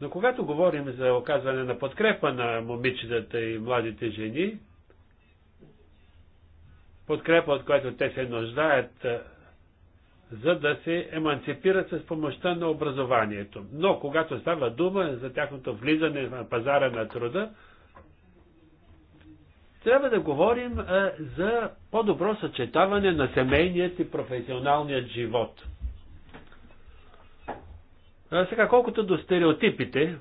Speaker 2: Но когато говорим за оказване на подкрепа на момичетата и младите жени, подкрепа, от която те се нуждаят, за да се еманципират с помощта на образованието. Но когато става дума за тяхното влизане на пазара на труда, трябва да говорим а, за по-добро съчетаване на семейният и професионалният живот. А, сега, колкото до стереотипите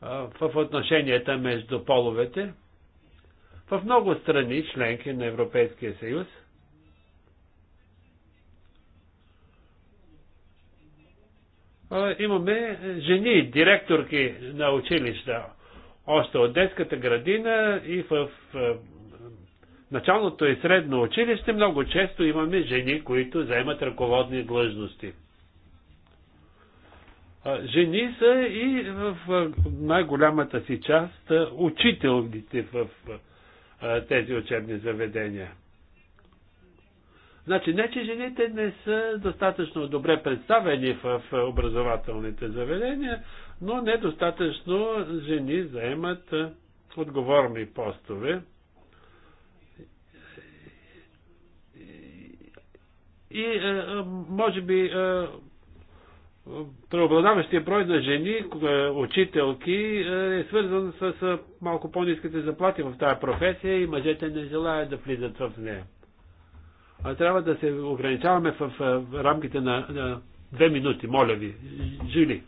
Speaker 2: а, в отношенията между половете, в много страни, членки на Европейския съюз, имаме жени, директорки на училища, още от детската градина и в началното и средно училище много често имаме жени, които заемат ръководни длъжности. Жени са и в най-голямата си част учителните в тези учебни заведения. Значи не, че жените не са достатъчно добре представени в образователните заведения, но недостатъчно жени заемат отговорни постове.
Speaker 3: И може би
Speaker 2: преобладаващия брой на жени, учителки, е свързан с малко по-низките заплати в тази професия и мъжете не желаят да влизат в нея. А трябва да се ограничаваме в рамките на две минути, моля ви. Жили.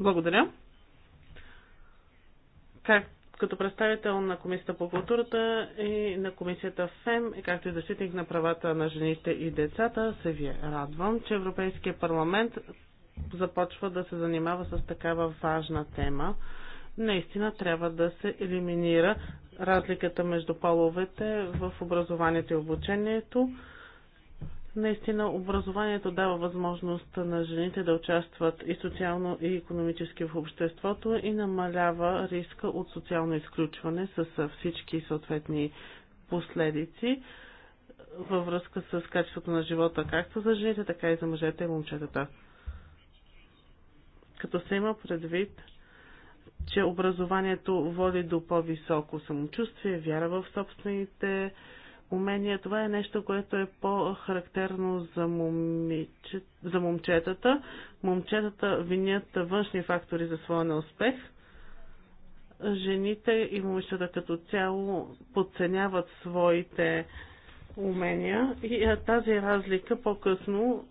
Speaker 2: Благодаря. Как, като представител на Комисията по
Speaker 3: културата и на Комисията ФЕМ, както и защитник на правата на жените и децата, се ви радвам, че Европейския парламент започва да се занимава с такава важна тема. Наистина трябва да се елиминира разликата между половете в образованието и обучението Наистина образованието дава възможност на жените да участват и социално и економически в обществото и намалява риска от социално изключване с всички съответни последици във връзка с качеството на живота както за жените, така и за мъжете и момчетата. Като се има предвид, че образованието води до по-високо самочувствие, вяра в собствените умения. Това е нещо, което е по-характерно за, момиче, за момчетата. Момчетата винят външни фактори за своя неуспех. Жените и момичетата като цяло подценяват своите умения и тази разлика по-късно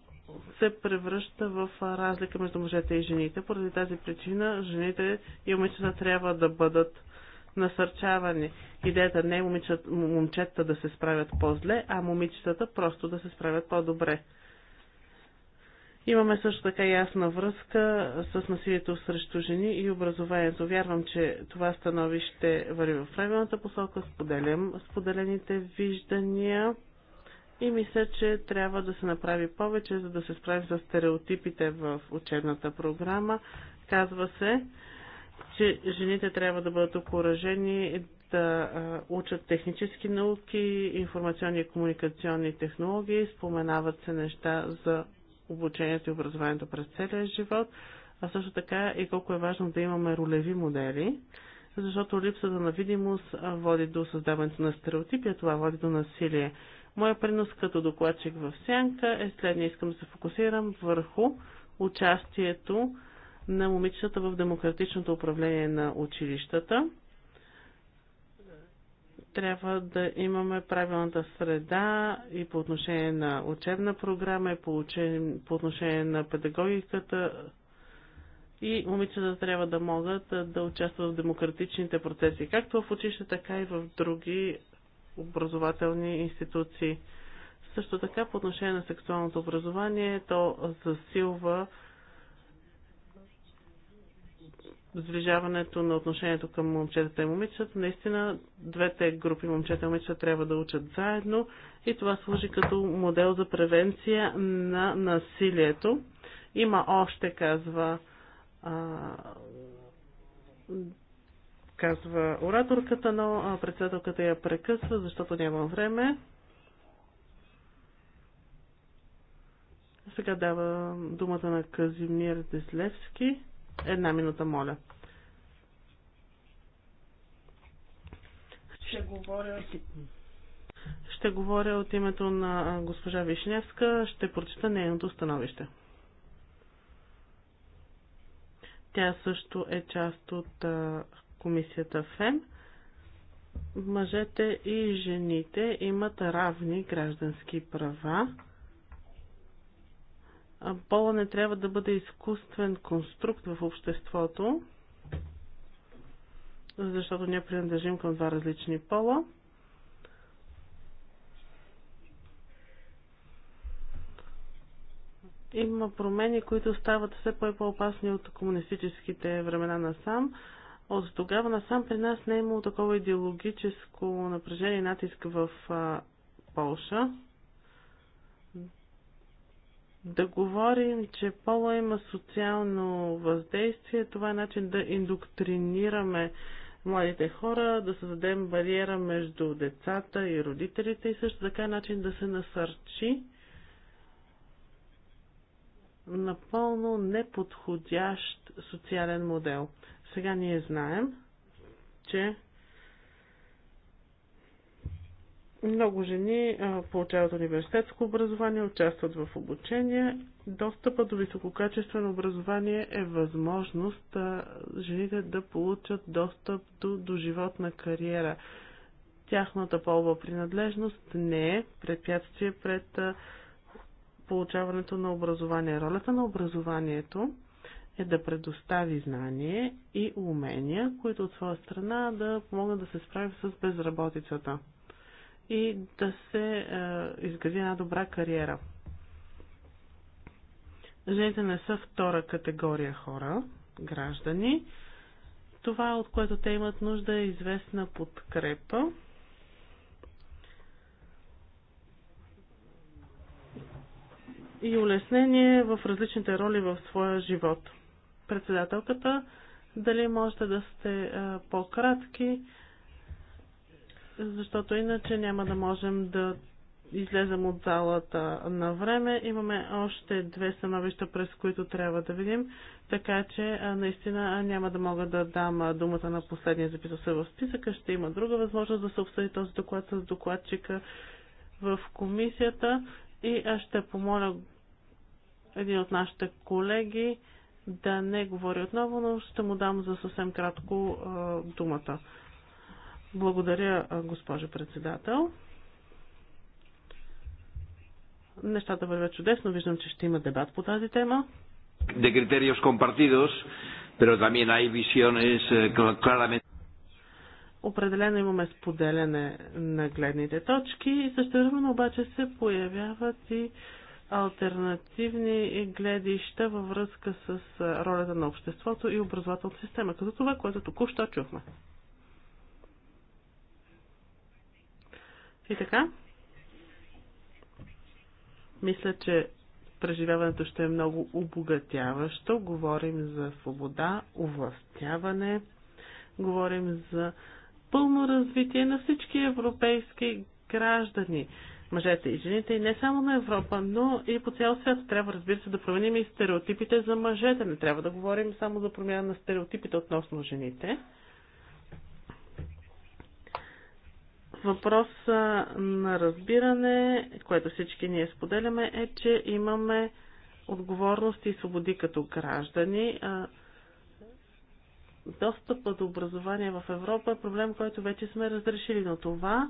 Speaker 3: се превръща в разлика между мъжете и жените. Поради тази причина жените и момичета трябва да бъдат насърчаване. Идеята не е момичет, момчетата да се справят по-зле, а момичетата просто да се справят по-добре. Имаме също така ясна връзка с насилието срещу жени и образованието. Вярвам, че това становище върви в правилната посока. Споделям споделените виждания и мисля, че трябва да се направи повече, за да се справим с стереотипите в учебната програма. Казва се, че жените трябва да бъдат окоръжени да учат технически науки, информационни и комуникационни технологии, споменават се неща за обучението и образованието през целия живот, а също така и колко е важно да имаме ролеви модели, защото липсата на видимост води до създаването на стереотипи, а това води до насилие. Моя принос като докладчик в Сянка е следния. Искам да се фокусирам върху участието на момичетата в демократичното управление на училищата. Трябва да имаме правилната среда и по отношение на учебна програма, и по, учен... по отношение на педагогиката. И момичетата трябва да могат да участват в демократичните процеси, както в училище, така и в други образователни институции. Също така по отношение на сексуалното образование, то засилва сближаването на отношението към момчетата и момичетата. Наистина, двете групи момчета и момичета трябва да учат заедно и това служи като модел за превенция на насилието. Има още, казва, а, казва ораторката, но председателката я прекъсва, защото няма време. Сега дава думата на Казимир Деслевски Една минута, моля. Ще
Speaker 2: говоря
Speaker 3: ще говоря от името на госпожа Вишневска, ще прочита нейното становище. Тя също е част от комисията ФЕМ. Мъжете и жените имат равни граждански права пола не трябва да бъде изкуствен конструкт в обществото, защото ние принадлежим към два различни пола. Има промени, които стават все по-опасни от комунистическите времена насам. От тогава насам при нас не е имало такова идеологическо напрежение и натиск в а, Полша да говорим, че пола има социално въздействие, това е начин да индоктринираме младите хора, да създадем бариера между децата и родителите и също така е начин да се насърчи напълно неподходящ социален модел. Сега ние знаем, че Много жени получават университетско образование, участват в обучение. Достъпа до висококачествено образование е възможност жените да получат достъп до, до животна кариера. Тяхната полова принадлежност не е препятствие пред получаването на образование. Ролята на образованието е да предостави знание и умения, които от своя страна да помогнат да се справим с безработицата и да се е, изгради една добра кариера. Жените не са втора категория хора, граждани. Това, от което те имат нужда, е известна подкрепа. и улеснение в различните роли в своя живот. Председателката, дали можете да сте е, по-кратки? защото иначе няма да можем да излезем от залата на време. Имаме още две становища, през които трябва да видим, така че наистина няма да мога да дам думата на последния записал се в списъка. Ще има друга възможност да се обсъди този доклад с докладчика в комисията и аз ще помоля един от нашите колеги да не говори отново, но ще му дам за съвсем кратко думата. Благодаря, госпожо председател. Нещата вървят чудесно. Виждам, че ще има дебат по тази тема.
Speaker 2: De criterios compartidos, pero también hay visiones eh, claramente.
Speaker 3: Определено имаме споделяне на гледните точки и същевременно обаче се появяват и альтернативни гледища във връзка с ролята на обществото и образователната система, като това, което току-що чухме. И така, мисля, че преживяването ще е много обогатяващо. Говорим за свобода, овластяване, говорим за пълно развитие на всички европейски граждани, мъжете и жените, и не само на Европа, но и по цял свят. Трябва, разбира се, да променим и стереотипите за мъжете. Не трябва да говорим само за промяна на стереотипите относно жените. Въпрос на разбиране, което всички ние споделяме, е, че имаме отговорности и свободи като граждани. Достъпът до образование в Европа е проблем, който вече сме разрешили, но това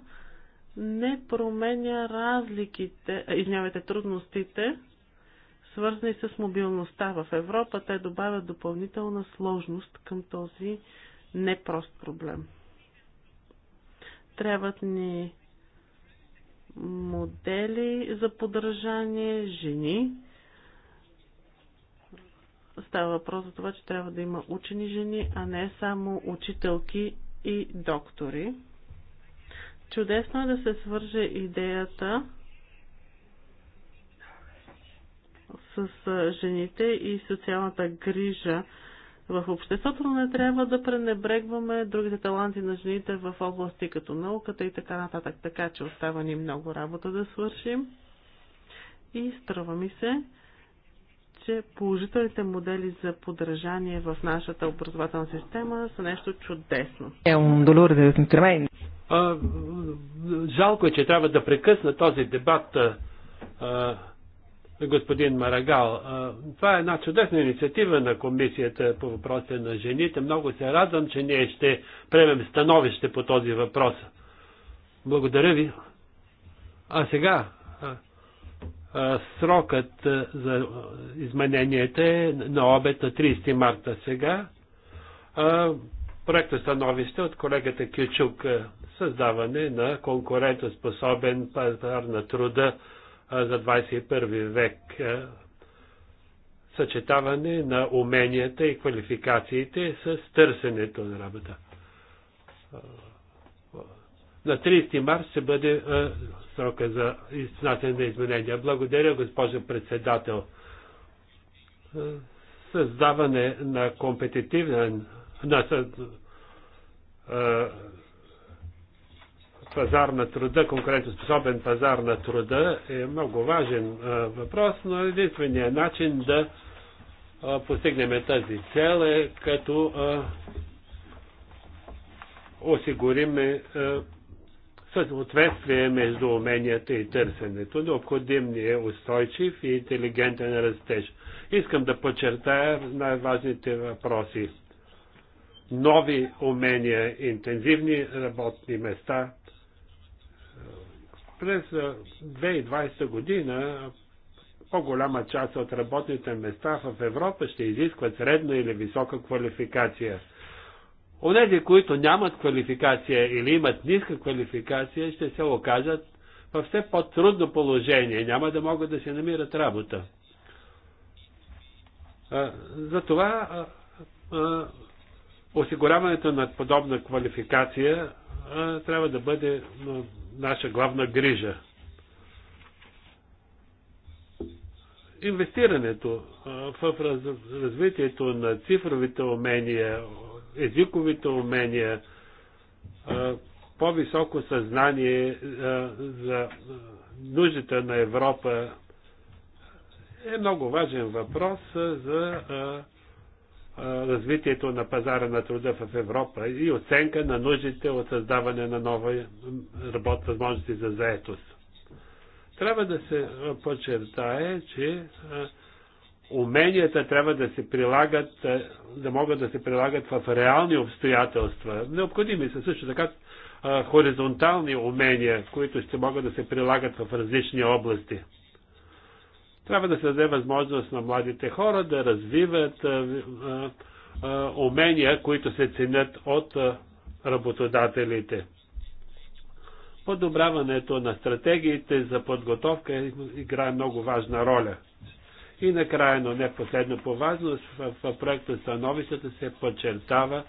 Speaker 3: не променя разликите, извинявайте, трудностите, свързани с мобилността в Европа. Те добавят допълнителна сложност към този непрост проблем. Трябват ни модели за подражание, жени. Става въпрос за това, че трябва да има учени жени, а не само учителки и доктори. Чудесно е да се свърже идеята с жените и социалната грижа в обществото, не трябва да пренебрегваме другите таланти на жените в области като науката и така нататък. Така че остава ни много работа да свършим. И струва ми се, че положителните модели за подражание в нашата образователна система са нещо чудесно.
Speaker 1: Е,
Speaker 2: Жалко е, че трябва да прекъсна този дебат. А, господин Марагал. Това е една чудесна инициатива на комисията по въпроса на жените. Много се радвам, че ние ще приемем становище по този въпрос. Благодаря ви. А сега срокът за измененията е на обед на 30 марта сега. Проекто становище от колегата Кючук създаване на конкурентоспособен пазар на труда за 21 век. Съчетаване на уменията и квалификациите с търсенето на работа. На 30 март ще бъде срока за изнасяне на изменения. Благодаря, госпожо председател. Създаване на компетитивен на пазар на труда, конкурентоспособен пазар на труда е много важен въпрос, но единственият начин да постигнем тази цел е като осигуриме съответствие между уменията и търсенето. Необходим ни е устойчив и интелигентен растеж. Искам да подчертая най-важните въпроси. Нови умения, интензивни работни места – през 2020 година по-голяма част от работните места в Европа ще изискват средна или висока квалификация. Онези, които нямат квалификация или имат ниска квалификация, ще се окажат в все по-трудно положение. Няма да могат да се намират работа. Затова осигуряването на подобна квалификация трябва да бъде наша главна грижа. Инвестирането в развитието на цифровите умения, езиковите умения, по-високо съзнание за нуждата на Европа е много важен въпрос за развитието на пазара на труда в Европа и оценка на нуждите от създаване на нови работ, възможности за заетост. Трябва да се подчертае, че уменията трябва да се прилагат, да могат да се прилагат в реални обстоятелства. Необходими са също така хоризонтални умения, които ще могат да се прилагат в различни области. Трябва да се даде възможност на младите хора да развиват умения, които се ценят от работодателите. Подобряването на стратегиите за подготовка играе много важна роля. И накрая, но не последно по важност, в, в проекта становищата се подчертава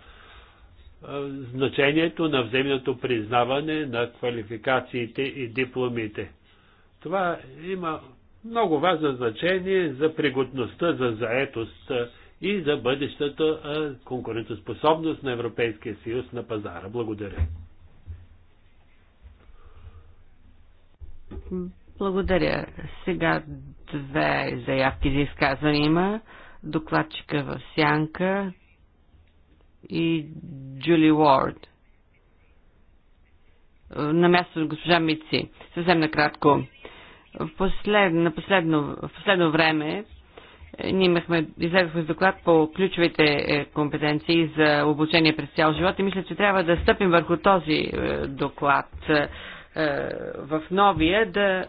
Speaker 2: а, значението на взаимното признаване на квалификациите и дипломите. Това има много важно значение за пригодността за заетост и за бъдещата конкурентоспособност на Европейския съюз на пазара. Благодаря.
Speaker 1: Благодаря. Сега две заявки за изказване има. Докладчика в Сянка и Джули Уорд. На място госпожа Мици. Съвсем накратко в последно, последно, в последно време е, ние имахме, излезахме с доклад по ключовите е, компетенции за обучение през цял живот и мисля, че трябва да стъпим върху този е, доклад в новия да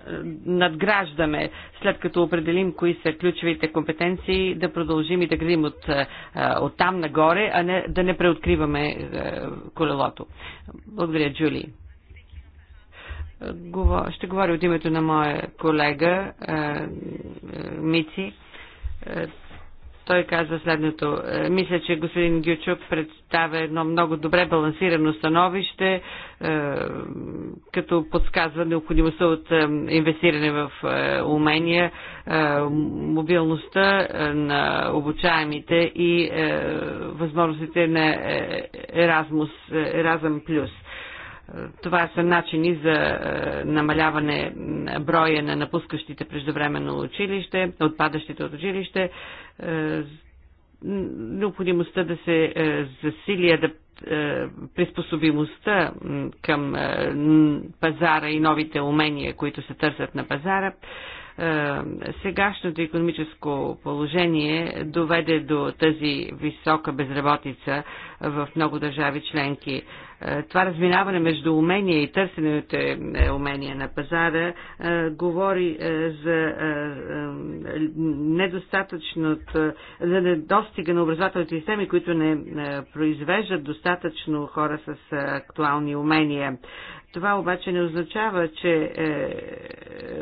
Speaker 1: надграждаме, след като определим кои са ключовите компетенции, да продължим и да градим от, от там нагоре, а не да не преоткриваме колелото. Благодаря, Джули. Ще говоря от името на моя колега е, е, Мици. Е, той казва следното. Мисля, че господин Гючук представя едно много добре балансирано становище, като подсказва необходимостта от инвестиране в умения, мобилността на обучаемите и възможностите на Erasmus, Erasmus+. Плюс това са начини за е, намаляване броя на напускащите преждевременно училище, отпадащите от училище, е, необходимостта да се е, засили приспособимостта към пазара и новите умения, които се търсят на пазара, е, сегашното економическо положение доведе до тази висока безработица в много държави членки. Е, това разминаване между умения и търсените е, умения на пазара говори за недостатъчното, за недостига на образователните системи, които не произвеждат достатъчно хора с актуални умения. Това обаче не означава, че е,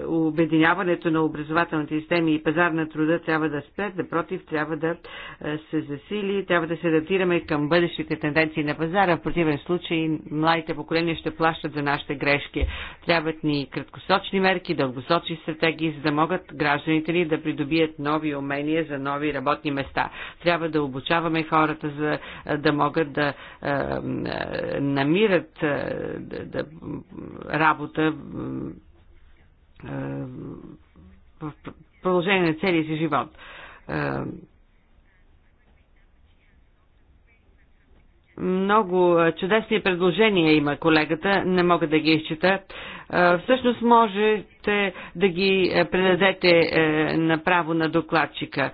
Speaker 1: обединяването на образователните системи и пазар на труда трябва да спре, напротив, трябва да е, се засили, трябва да се адаптираме към бъдещите тенденции на пазара. В противен случай младите поколения ще плащат за нашите грешки. Трябват ни краткосочни мерки, дългосочни стратегии, за да могат гражданите ни да придобият нови умения за нови работни места. Трябва да обучаваме хората, за е, да могат да е, е намират, да, да работа в продължение на целия си живот. Много чудесни предложения има колегата, не мога да ги изчита. Всъщност можете да ги предадете направо на докладчика.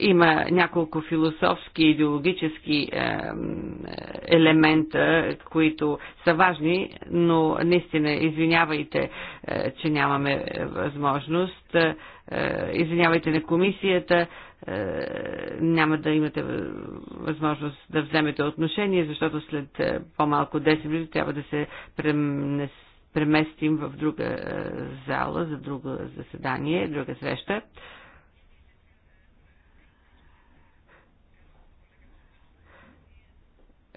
Speaker 1: Има няколко философски и идеологически елемента, които са важни, но наистина извинявайте, е, че нямаме възможност. Е, извинявайте на комисията, е, няма да имате възможност да вземете отношение, защото след по-малко 10 минути трябва да се преместим в друга зала за друго заседание, друга среща.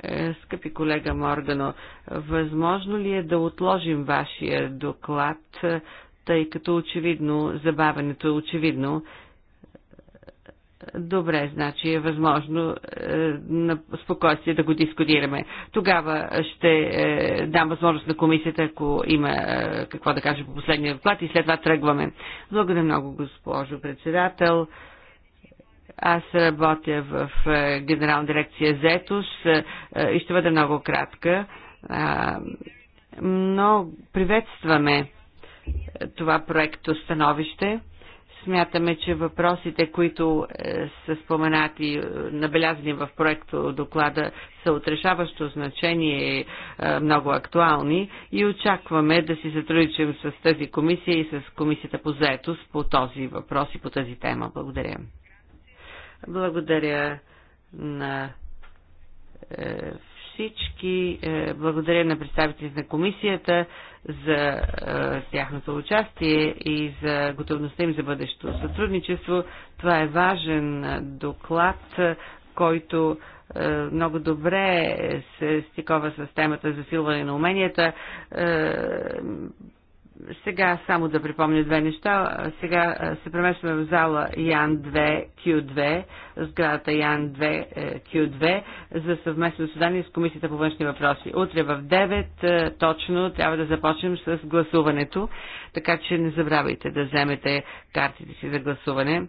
Speaker 1: Е, скъпи колега Моргано, възможно ли е да отложим вашия доклад, е, тъй като очевидно забавенето е очевидно? Добре, значи е възможно е, на спокойствие да го дискутираме. Тогава ще е, дам възможност на комисията, ако има е, какво да каже по последния доклад и след това тръгваме. Благодаря много, госпожо председател. Аз работя в е, Генерална дирекция Зетос е, е, и ще бъда много кратка. Но приветстваме това проекто становище. Смятаме, че въпросите, които са споменати, набелязани в проекто доклада, са отрешаващо значение, и много актуални и очакваме да си сътрудничим с тази комисия и с комисията по заетост по този въпрос и по тази тема. Благодаря. Благодаря на е, всички. Е, благодаря на представителите на комисията за е, тяхното участие и за готовността им за бъдещето сътрудничество. Това е важен доклад, който много добре се стикова с темата за силване на уменията сега само да припомня две неща. Сега се преместваме в зала Ян 2 Q2, сградата Ян 2 е, Q2 за съвместно заседание с Комисията по външни въпроси. Утре в 9 е, точно трябва да започнем с гласуването, така че не забравяйте да вземете картите си за гласуване.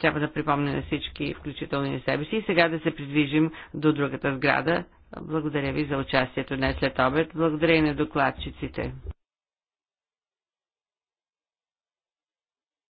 Speaker 1: Трябва да припомня на всички, включително и на себе си. И сега да се придвижим до другата сграда. Благодаря ви за участието днес след обед. Благодаря и на докладчиците.